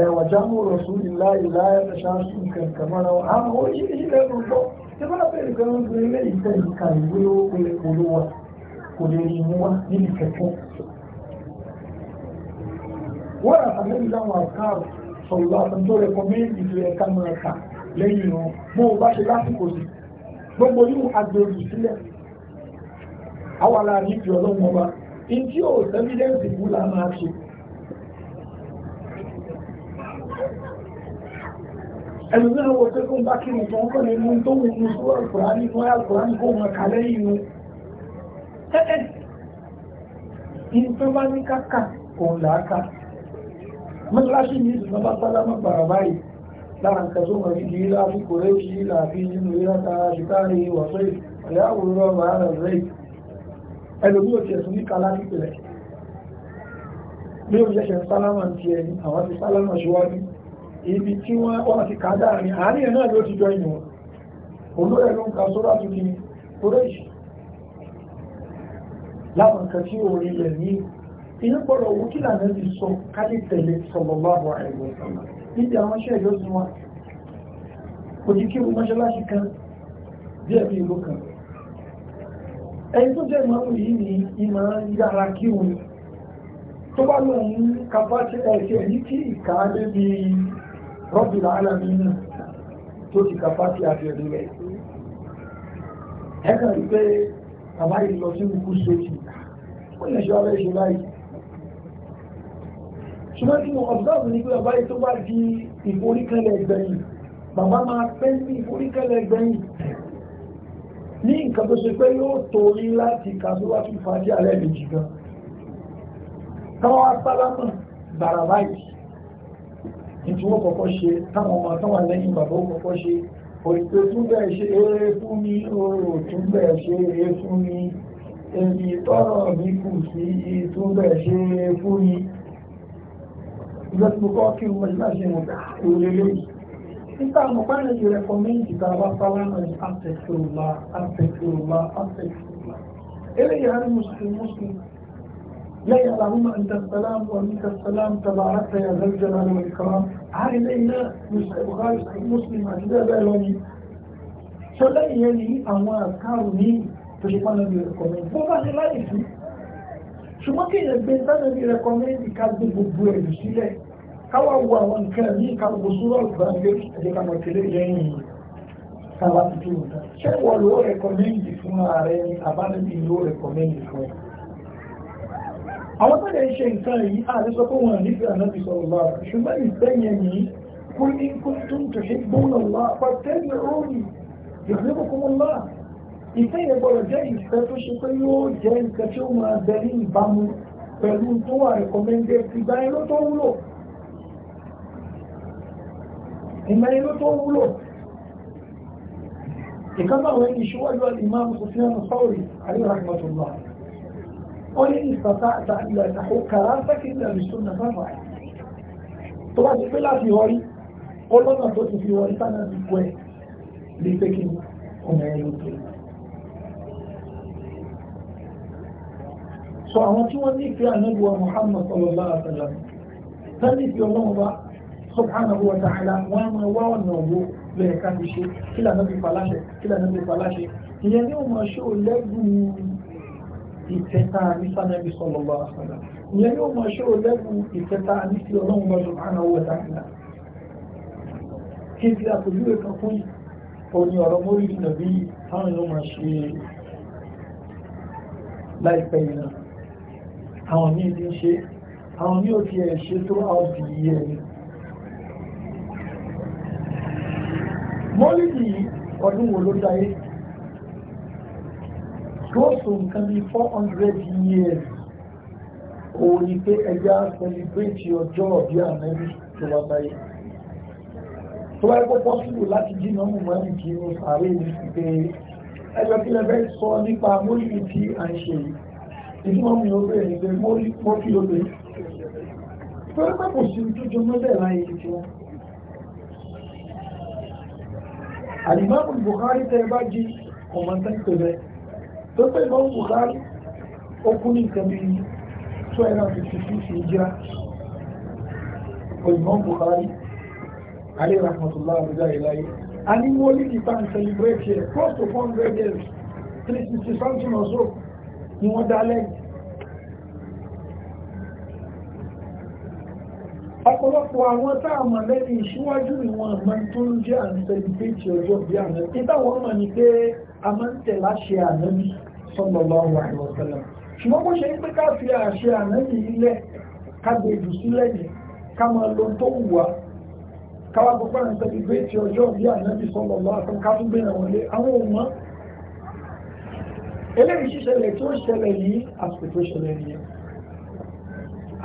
wajamu rasulillahi la yatashashu kan kama na am o yi yi le ru to ti bala pe kan du ile ite ka ìwé o pe Olúwa ko le ri mu wa ni ke ko wa ta me da wa ka sallallahu alaihi wasallam ko me ni le kan na ka lẹ́yìn o mo ba se lásìkò sí gbogbo yìí agbèrú sílẹ̀ àwa la ní ti Ọlọ́run ọba in tí o evidence ìwúlà máa ṣe ẹ̀lú náà wọ́n pé kó ń bá kírun tó ń kọ́ nínú tó wù ú sí àlùkùránì nínú àlùkùránì kó mọ̀ kálẹ̀ yìí nu ẹ́ẹ̀ ìfẹ́ bá ní káka òun là á ká mọ́tíláṣí ní ìsìn bá bá lámọ́ gbàrà báyìí lára nǹkan tó mọ̀ sí yìí láàfin kò rẹ́ yìí láàfin nínú ìyá ta ṣùkárí wàṣọ ìyá òwúrọ̀ ibi tí wọ́n wọ́n ti kà dáàrin àárín náà ló ti jọ inú olóòrè ló ń ka sórà tó kí ni kúrèṣì láwọn nǹkan tí ò rí rẹ̀ ní inú gbọ́dọ̀ owó kí lànà ti sọ kálí tẹ̀lé sallallahu alaihi wasallam níbi wa kò tó jẹ́ ìmọ̀ yìí ni ìmọ̀ yára ní kí ìkà débi Rabbil alamin tó ti kàfá sí àfihàn rẹ̀ ẹ̀kà rí pé bàbá yìí lọ sí kúkú sókè ó lè ṣe ọ̀rẹ́ ṣe báyìí ṣùgbọ́n tí mo observe ní pé bàbá yìí tó bá di ìforíkẹ́lẹ̀ ẹgbẹ̀yìn bàbá máa pẹ́ sí ìforíkẹ́lẹ̀ ẹgbẹ̀yìn ní nǹkan tó ṣe pé yóò torí láti kàdúrà tún fàájì alẹ́ méjì gan. Káwọn asálámà bàrà báyìí tí wọ́n kọ́kọ́ ṣe táwọn ọmọ tó wà lẹ́yìn bàbá ó kọ́kọ́ ṣe òṣìṣẹ́ tún bẹ́ẹ̀ ṣe eré fún mi oòrùn tún bẹ́ẹ̀ ṣe eré fún mi èmi tọ́rọ̀ mi kù sí tún bẹ́ẹ̀ ṣe eré fún mi ìgbẹ́sùkọ́ kí wọ́n ṣe láṣẹ wọn òlélẹ́ yìí nígbà mo bá lè ṣe rẹ̀kọ́mẹ́ǹtì tá a لك اللهم أنت السلام ومنك السلام تبارك يا ذا الجلال والإكرام هاي ليلة مش بخاري صحيح مسلم عجزاء بألوني sọlẹ́yìn yẹn ni àwọn àkàrù ní tòṣìpánà bí rẹ̀kọ́mẹ́ndì bó bá ní láì sí ṣùgbọ́n kí èèyàn gbé sáré bí rẹ̀kọ́mẹ́ndì ká gbé gbogbo ẹ̀rù sílẹ̀ káwá wo àwọn nǹkan ní ìkàgbogbo sórọ̀ ìgbàgbé ẹ̀jẹ̀ ká mọ̀ tẹ̀lé lẹ́yìn yìí káwá tuntun ṣé wọ́n ló rẹ̀kọ́mẹ́ndì fún ààrẹ ni àbánibí ló rẹ̀kọ́mẹ́ndì fún ẹ̀ àwọn tó lè ṣe nǹkan yìí àti sọ pé wọn nífẹ̀ẹ́ ànábì sọ̀rọ̀ bá rẹ̀ ṣùgbọ́n ìfẹ́yẹ yìí kú ní kú tó ń tòṣe gbóná wá pàtẹ́lẹ̀ òní ìfẹ́kùnkùnmọ́lá ìfẹ́yẹ gbọ́dọ̀ jẹ́ ìfẹ́ tó ṣe pé yóò jẹ́ nǹkan tí ó máa bẹ ní ìbámu pẹ̀lú tó wà وإن استطعت أن تحك رأسك إلا بالسنة فارفع طبعا في لا في وري قل لنا صوت في وري فأنا بكوي لتكن هنا يلوكي so àwọn tí wọ́n ní ìfẹ́ ànábùwà Muhammad sallallahu alaihi wa sallam tán ní ìfẹ́ ọlọ́run bá subhanahu wa ta'ala wọ́n máa wá ọ̀nà owó bẹ̀rẹ̀ ká fi ṣe kí lànà bí faláṣẹ kí lànà bí faláṣẹ ìyẹn ní òun máa ṣe ò lẹ́gùn ìfẹ́ta nífànàbí sallallahu alaihi wasallam ìyẹn yóò máa ṣòro lẹ́bù ìfẹ́ta nífi ọlọ́run bá subhanahu wa ta'ala kí n fi àpòjúwe kan fún òní ọ̀rọ̀ mórí nàbí táwọn yóò máa ṣe láìpẹ́ yìí náà àwọn míì ní ṣe àwọn míì ò ti ẹ̀ ṣe tó àwọn ti yí ẹni mọ́lìdì ọdún wo ló dáyé Gosum can be 400 years. Òun ni a ẹja celebrate your job yeah, maybe to wá báyé. Tó wáyé pé pọ́sílù láti jí nọ́mù mọ́ni kí ó sàárè ní pé ẹjọ́ kí lẹ́fẹ́ sọ nípa mólìkì tí à ń ṣe yìí. Ìtumọ̀ mi ò bẹ̀rẹ̀ ní pé mólìkì ló bẹ̀rẹ̀. Tó wáyé pé kò sí ojújọ mọ́bẹ̀ láyé tí wọ́n. Àdìmọ́ Bukhari tẹ́ bá jí ọmọ tẹ́ ń pè tó pé ìbọn Buhari ó kú ní nǹkan bíi tó ẹ̀ náà fifty six ìjìrá ìbọn Buhari alẹ́ rahmatulah abudulayi alayhi a ní de tanto ìta ń celebrate posto com o four três years three sixty something or so ni wọ́n dá lẹ́yìn. ọ̀pọ̀lọpọ̀ àwọn tá a mọ̀ lẹ́yìn ìṣíwájú ni wọ́n máa tó ń jẹ́ àǹtẹ̀lẹ́tì ọjọ́ bí àná tí táwọn mọ̀ ní pé a máa ń tẹ̀ láṣẹ ànábì sallallahu alaihi wasallam ṣùgbọ́n bó ṣe ń pé ká fi àṣẹ ànábì ilẹ̀ ká gbèjù sílẹ̀ yìí ká máa lo tó wù wá ká wá gbogbo àǹtẹ̀lẹ́tì ọjọ́ bí ànábì sallallahu alaihi wasallam ká tún gbé àwọn ilé àwọn òmọ eléyìí ṣíṣẹlẹ̀ tí ó ṣẹlẹ̀ ní àsìkò tó ṣẹlẹ̀ nìyẹn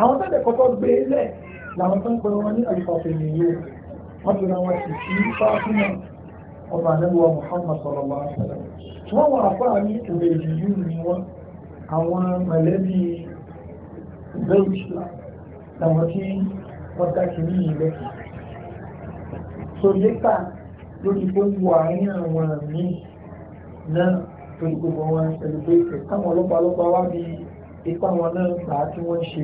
àwọn tẹ́lẹ̀ gbé lẹ̀ làwọn tó ń pẹ̀lú wọn ní àlùfàfẹ́ nìyó wọ́n ti ra wọn sì sí fáfúnà ọmọ àlẹ́wọ̀ Muhammad sallallahu alaihi wasallam wọ́n wà apá ní ìwé ìlú ni wọ́n àwọn mọ̀lẹ́bí bẹ́ẹ̀kì làwọn tí wọ́n dákì ní ilẹ̀ so lẹ́tà lórí pé wà àwọn àmì náà torí gbogbo wọn pẹ̀lú pé káwọn ọlọ́pàá ọlọ́pàá wá bí ipa wọn náà gbà tí wọ́n ṣe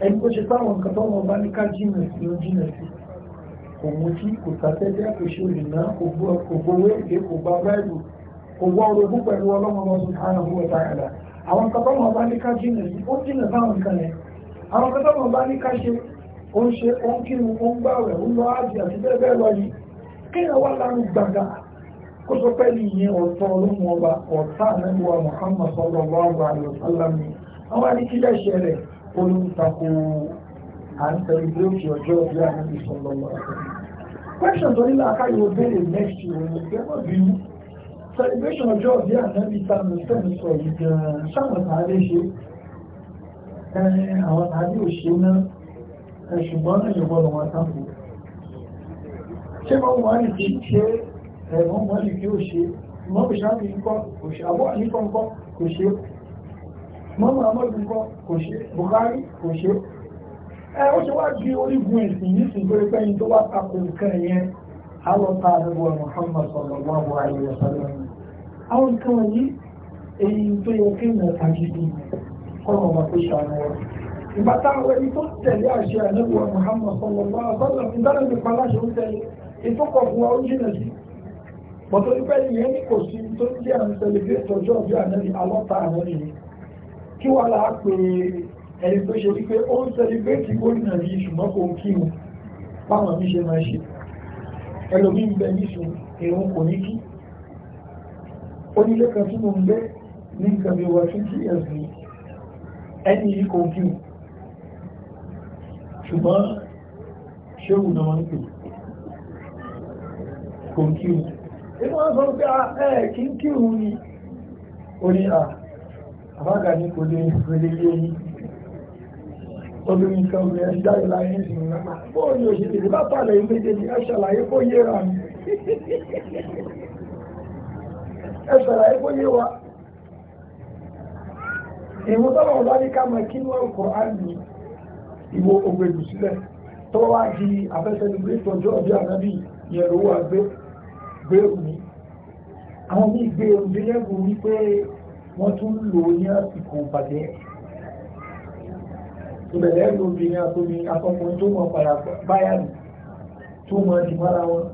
ẹni tó ṣe sáwọn nǹkan tó wọn bá ní ká jìnà sí ó jìnà sí kò mú kí kò sàtẹ́jẹ́ kò ṣe olè náà kò gbowó èké kò gba báìbù kò wá orogún pẹ̀lú ọlọ́mọba subhanahu wa ta'ala àwọn nǹkan tó wọn bá ní ká jìnà sí ó jìnà sáwọn nǹkan yẹn àwọn nǹkan tó wọn bá ní ká ṣe ó ń ṣe ó ń kírun ó ń gbàwẹ̀ ó ń lọ ájì àti bẹ́ẹ̀ bẹ́ẹ̀ lọ yìí kéèyàn wá lánàá gbàgbà kó sọ pé ìyẹn ọ̀tọ̀ ọlọ́mọba ọ̀tá àmẹ́wà Muhammad sallallahu alaihi wasallam ni àwọn àdìkílẹ̀ ṣẹlẹ̀ ó ń tako à ń tẹ̀lé bí ó fi ọjọ́ bí a níbi sọ̀rọ̀ lọ. question tó nílò akáyọ̀ béèrè next year ní ìgbẹ́mọ̀ bí celebration ọjọ́ bí a níbi sàmì sẹ́mi sọ yìí gan-an sáwọn náà lè ṣe àwọn náà lè ṣe náà ṣùgbọ́n náà yóò gbọ́dọ̀ wọn sáfù. ṣé wọ́n wọ́n ní kí ṣe ẹ̀wọ̀n wọ́n ní kí ó ṣe mọ́ mọ́mọ́ amọ́dún kọ́ kò ṣe Buhari kò ṣe ẹ ó ṣe wá di orígun ẹ̀sìn yìí sì gbé pẹ́yìn tó wá tako nǹkan yẹn á lọ ta àdúgbò Muhammad sallallahu alaihi wasallam àwọn nǹkan wọ̀nyí èyí tó yẹ kéèyàn tàgídì kọ́nà ọba tó ṣàánú wọn ìgbà táwọn ẹni tó tẹ̀lé àṣẹ àdúgbò Muhammad sallallahu alaihi wasallam ìdánilẹ́bí paláṣẹ ń tẹ̀lé ìtọ́kọ̀ fún wa ó jìnà sí ìpẹ́ ìyẹn ní kò sí tó ń jẹ́ àwọn tẹlifíṣọ̀ ọjọ́ ọjọ́ àná kí wà láà pé ẹni tó ṣe wípé ó ń sẹlẹ̀bẹ̀tì gómìnà yìí ṣùgbọ́n kò ń kí wọn báwọn mi ṣe máa ṣe ẹlòmí ń bẹ nísùn èrún kò ní kí onílé kan tí mo ń gbé ní nǹkan bí wa twenty years ni ẹni yìí kò ń kí wọn ṣùgbọ́n ṣéwù náà ń pè kò ń kí wọn. ìmọ̀ sọ pé ah, ẹ kí ń kí wọn ni ó ní à ah, àbága ní kò lè rèé lé ní olórin kan rẹ̀ ń jáde láyé ní ìsìn rẹ̀ bóòlù òṣèlú ti bá pàlẹ̀ ìméjèèjì ẹ ṣàlàyé kó yé ra mi ẹ ṣàlàyé kó yé wa ìwọ tọ́lọ̀ ọ̀dọ́ ní ká máa kí wọ́n kọ́ á ní ìwọ ògbèlú sílẹ̀ tó wá di abẹ́sẹ̀lúgbé tọ́jú ọjọ́ ànábì yẹ̀rọ wà gbé gbé òní àwọn mí gbé òní lẹ́gùn wípé wọ́n tún lò ní àsìkò ìpàdé ìbẹ̀rẹ̀ ló bí ní àtòmí akọkùnrin tó mọ̀ padà báyà nì tó mọ̀ ìmọ̀ra wọn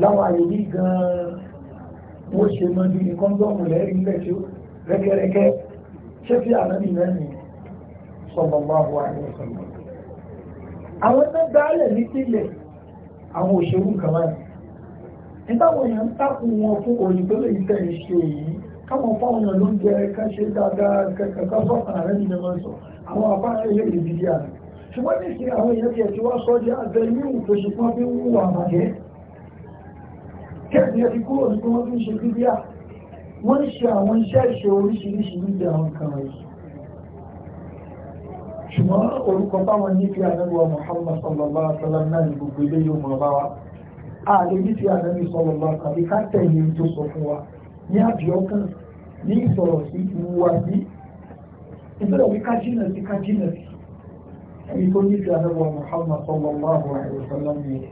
láwọn àyè yìí gan-an wọ́n ṣe mọ́ ju ní kọ́ńdọ́ọ̀mù lẹ́rìí nílẹ̀ tí ó rẹ́kẹ́rẹ́kẹ́ ṣé fi ànábì náà nì sallallahu alaihi wasallam àwọn tó dálẹ̀ ní sílẹ̀ àwọn òṣèlú kan wáyé nígbà wọn yàn ń takùn wọn fún òyìnbó lè tẹ̀ ṣe yìí káwọn fáwọn èèyàn ló ń jẹ ká ṣe dáadáa kẹkẹkọ sọ́kàn rẹ̀ nìyẹn máa ń sọ àwọn àbá ilé ìdílé àná ṣùgbọ́n ní ìsìn àwọn èèyàn tiẹ̀ tí wá sọ jẹ́ àtẹ ilé ìwòsàn fún bí wù àmàjẹ́ kẹ́ẹ̀ni ẹ ti kúrò ní pé wọ́n fi ń ṣe bíbíà wọ́n ń ṣe àwọn iṣẹ́ ìṣe oríṣiríṣi níbi àwọn kan yìí ṣùgbọ́n orúkọ báwọn níbi ànábíwá Muhammad sallallahu alaihi náà ní àbíọ́kàn ní ìsọ̀rọ̀ sí ìwúwa sí ìbẹ̀rẹ̀ wí kájínà sí kájínà sí ẹni tó nífẹ̀ẹ́ àdọ́wà Muhammad sallallahu alaihi wa sallam ní ẹ̀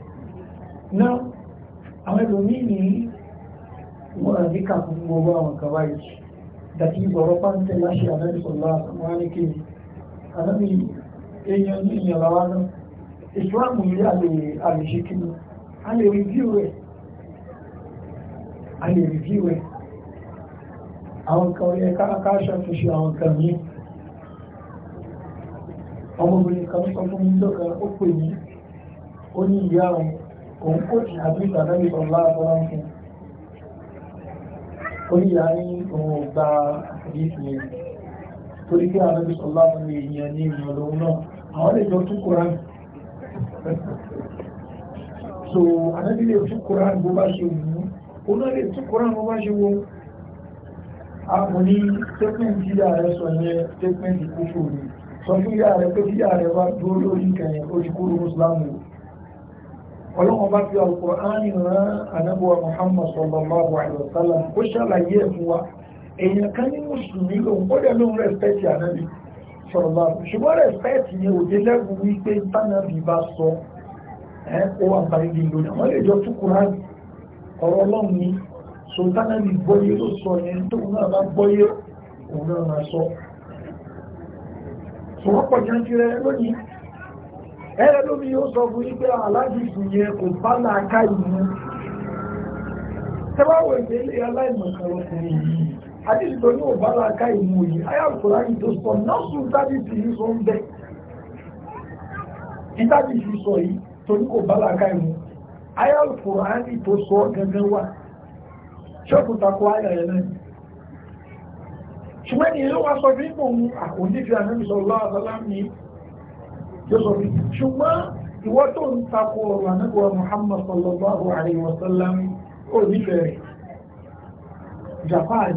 náà àwọn ẹlòmíì ní wọ́n rà ní kàkún gbogbo àwọn kàwá yìí dàtí ìbọ̀rọ̀ pàǹtẹ̀ láṣẹ àdájú sọ̀lá àwọn àníkè àdábì èèyàn ní ìyàn làwa náà ìsìláàmù yìí àlè àlè ṣe kí ni a lè rìvíw rẹ̀ a lè rìvíw rẹ̀ àwọn kan yẹ ká ṣàtúnṣe àwọn kan ní ọmọbìnrin kan sọ fún mi lọ́kà ó pè ní ó ní ìyá òun òun kò tí àbí ìtàdáyé ọ̀la àbọ̀lá ń fún ó ní ìyá ní òun ò gba àdéhùn yẹn torí pé àwọn ẹbí sọ̀lá èèyàn ní ìmọ̀ lòun náà àwọn lè jọ tún kúrán so àdábí lè tún kúrán bó bá ṣe wù ú ó náà lè tún kúrán bó bá ṣe wù ú àmù ní statement yíyà rẹ̀ sọ yẹn statement kúfù ni sọ fún yíyà rẹ̀ pé yíyà rẹ̀ bá dúró lórí kẹyìn olùkúrú mùsùlùmù ọlọ́run bá fi Al-Qur'ani rán anábọ̀wá Muhammad sallallahu alaihi wasallam ó ṣàlàyé ẹ̀ fún wa èèyàn kan ní mùsùlùmí lòun ó dẹ̀ lóun rẹ̀spẹ̀tì ànábì sọ̀rọ̀lá ṣùgbọ́n rẹ̀spẹ̀tì yẹn ò dé lẹ́gùn wípé tánàbì bá sọ ẹ̀ ó wà parí di lónìí wọ́n lè jọ tún Kùránì ọ̀rọ̀ ọlọ́run ní sọ̀tánà ní gbọ́yé ló sọ yẹn tó náà bá gbọ́yé òun náà máa sọ sọ̀rọ̀pọ̀ jẹ́ntìrẹ lónìí ẹ̀rẹ́ lómi yóò sọ fún ipẹ́ aláàjìsù yẹn kò bá láàká ìlú tẹ́wàwọ̀ ìgbélé aláìmọ̀kànlọ́kùnrin yìí àdìsìtò yóò bá láàká ìlú yìí ayàkùnrin tó sọ náà sùn tábìsì yìí sọ ń bẹ́ ìtàbìsì sọ yìí torí kò bá láàká ìlú ayàkùnrin tó sọ gẹ́gẹ́ wà ṣọ́pù takọ ayà ẹ̀ náà ṣùgbọ́n ni ló wá sọ bí mò ń àkójífẹ́ àmẹ́bìsọ̀ láàbálá mi yóò sọ bí ṣùgbọ́n ìwọ́ tó ń takọ ọ̀rọ̀ ànábọ̀ Muhammad sallallahu alayhi wa sallam ó nífẹ̀ẹ́ rẹ̀ Japan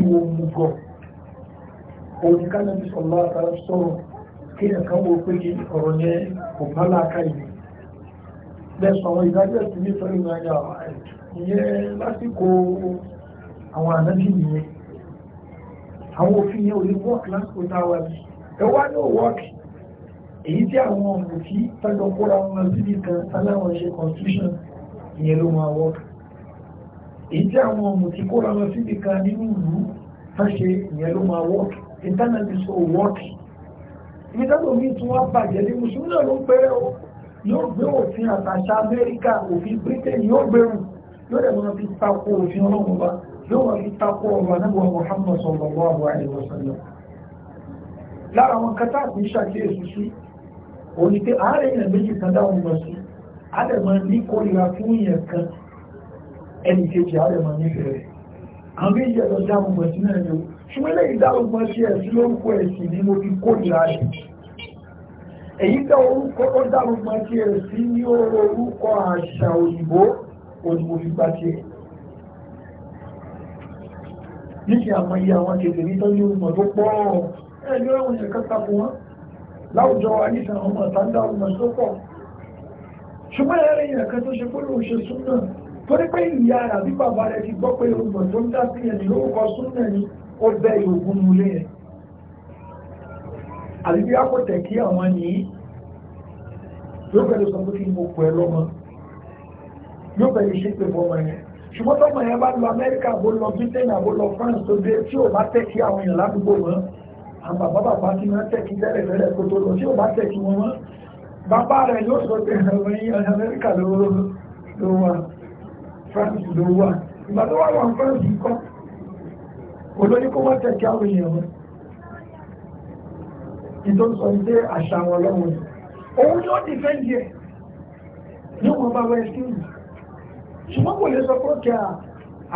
ìwò mùgọ̀ òníkànnàbí sallallahu alayhi wa sọ̀rọ̀ kí ẹ̀kan wo pé kí ọ̀rọ̀ yẹn kò bá láàká ìlú lẹ́sọ̀rọ̀ ìdájọ́ ìsinmi sọ́yìn ìyẹn lásìkò àwọn ànábì nìyẹn àwọn òfin yẹn ò lè work lásìkò táwa bí ẹ wá ní ò work èyí tí àwọn ọmọ tí tájọ kóra wọn síbi kan aláwọn ṣe constitution ìyẹn ló máa work èyí tí àwọn ọmọ tí kóra wọn síbi kan nínú ìlú fáṣe ìyẹn ló máa work ìtànàbí so work ibi tábìlì mi tún wá bàjẹ́ ní mùsùlùmí náà ló ń pẹ́rẹ́ o yóò gbé òfin àtàṣà amẹ́ríkà òfin britain yóò gbẹrù yóò dẹ̀ máa fi takò òfin ọlọ́run bá yóò fi Muhammad sallallahu alaihi wasallam lára àwọn kátà kì í ṣàkíyèsí sí òní pé kan dáhùn lọ sí ya máa ní fún kan ẹnì kejì àárẹ̀ na nífẹ̀ẹ́ rẹ̀ àwọn méjì ẹ̀dọ̀ dáhùn lọ sí náà ni ó ṣùgbọ́n lẹ́yìn dáhùn ni onígbò fi gbá sí ẹ̀ níṣẹ́ àwọn iye àwọn kèfè ní tọ́jú ìmọ̀ tó pọ̀ ẹ̀yọ́ àwọn èèyàn kẹta fún wọn láwùjọ àyíṣà àwọn ọmọ àtàndà ọmọ tó pọ̀ ṣùgbọ́n ẹ̀rẹ́ èèyàn kan tó ṣe pé lóun ṣe súnà torí pé ìyá rà bí bàbá rẹ̀ ti gbọ́ pé ọmọ tó ń dá sí ẹ̀ lórúkọ súnà ni ó bẹ ìrògùn mu lé ẹ̀ àbí bí a kò tẹ̀ kí àwọn nìyí lókè ló sọ pé kí mo pọ̀ lọ́mọ yóò bẹ̀rẹ̀ ṣe pé fọmọ yẹn ṣùgbọ́n tọmọ yẹn bá lọ amẹ́ríkà bó lọ britain àbó lọ france tó dé tí ò bá tẹ́kí àwọn èèyàn ládùúgbò mọ́ àwọn bàbá bàbá tí wọ́n tẹ́kí tẹ́lẹ̀ tẹ́lẹ̀ kó tó lọ tí ò bá tẹ́kí wọn mọ́ bàbá rẹ̀ yóò sọ pé àwọn èèyàn amẹ́ríkà ló wà france ló wà ìgbà tó wà wà france kọ́ olóyún kó wọ́n tẹ̀kí àwọn èèyàn wọn nítorí sọ pé àṣà wọn lọ́wọ́ òun yóò dìfẹ́ǹdì ẹ̀ ní wọn bá wẹ́ sí ìlú ṣùgbọ́n kò lè sọ pé kí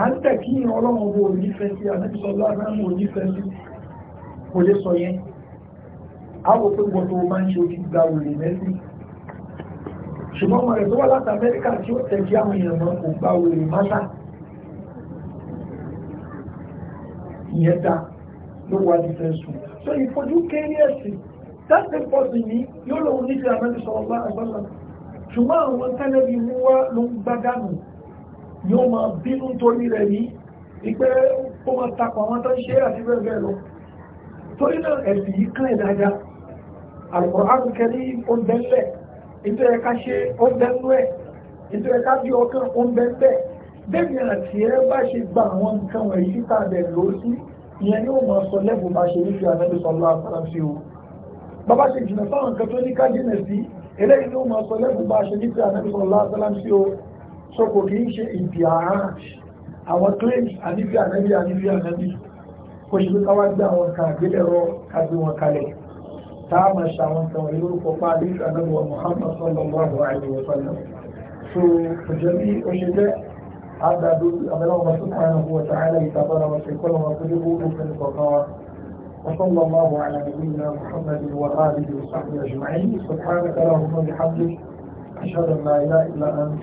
a ń tẹ̀ kí ọlọ́run owó onífẹ́ sí àdájọ́ ọlọ́run onífẹ́ sí kò lè sọ yẹn àwọn tó gbọ́ tó máa ń ṣe ojú gba òrè mẹ́sì ṣùgbọ́n ọmọ rẹ̀ tó wá láti amẹ́ríkà tí ó tẹ̀ kí àwọn èèyàn náà kò gba òrè mátà ìyẹn ta ló wà ní fẹ́ sùn so ìfojú kéré ẹ̀sìn that same person ni yóò lòun nífẹ̀ẹ́ àmẹ́ríkà ọlọ́run ṣùgbọ́n àwọn tẹ́lẹ̀ bí wọ́n ló ń gbádànù yóò máa bínú torí rẹ̀ ní ipé ó máa tapọ̀ àwọn tó ń ṣe àti bẹ́ẹ̀ bẹ́ẹ̀ lọ torí náà ẹ̀sìn yìí kàn ìdájá Al-Qur'an kẹrí ó ń bẹ́ńbẹ́ ètò ẹ̀ka ṣe ó ń bẹ́ńbú ẹ̀ ètò ẹ̀ka bí ọkàn ó ń bẹ́ńbẹ́ bẹ́ẹ̀ni àti ẹ bá ṣe bàbá ṣe jìnnà fáwọn nǹkan tó ní ká sí eléyìí ni mọ̀ sọ bá ṣe wípé ànábì sọlọ́ àfọlá o so kò kìí ṣe ìdí àárán àwọn claims àníbí ànábí àníbí ànábí kò ṣe pípa wá gbé àwọn nǹkan àgbélẹ̀rọ kàgbé wọn kalẹ̀ táà máa ṣe àwọn nǹkan wọ̀nyí lórúkọ pa àdéhùn ànábí wa Muhammad sallallahu alaihi wa sallam so kò jẹ́ bí ó ṣe jẹ́ àdàdo àmẹ́lọ́wọ́ subhanahu wa ta'ala ìtàbára wọn ṣe kọ́lọ̀ wọn tó dé gbogbo fẹ́ni kọ̀ọ̀kan wa وصلى الله على نبينا محمد وآله وصحبه أجمعين سبحانك اللهم وبحمدك أشهد أن لا إله إلا أنت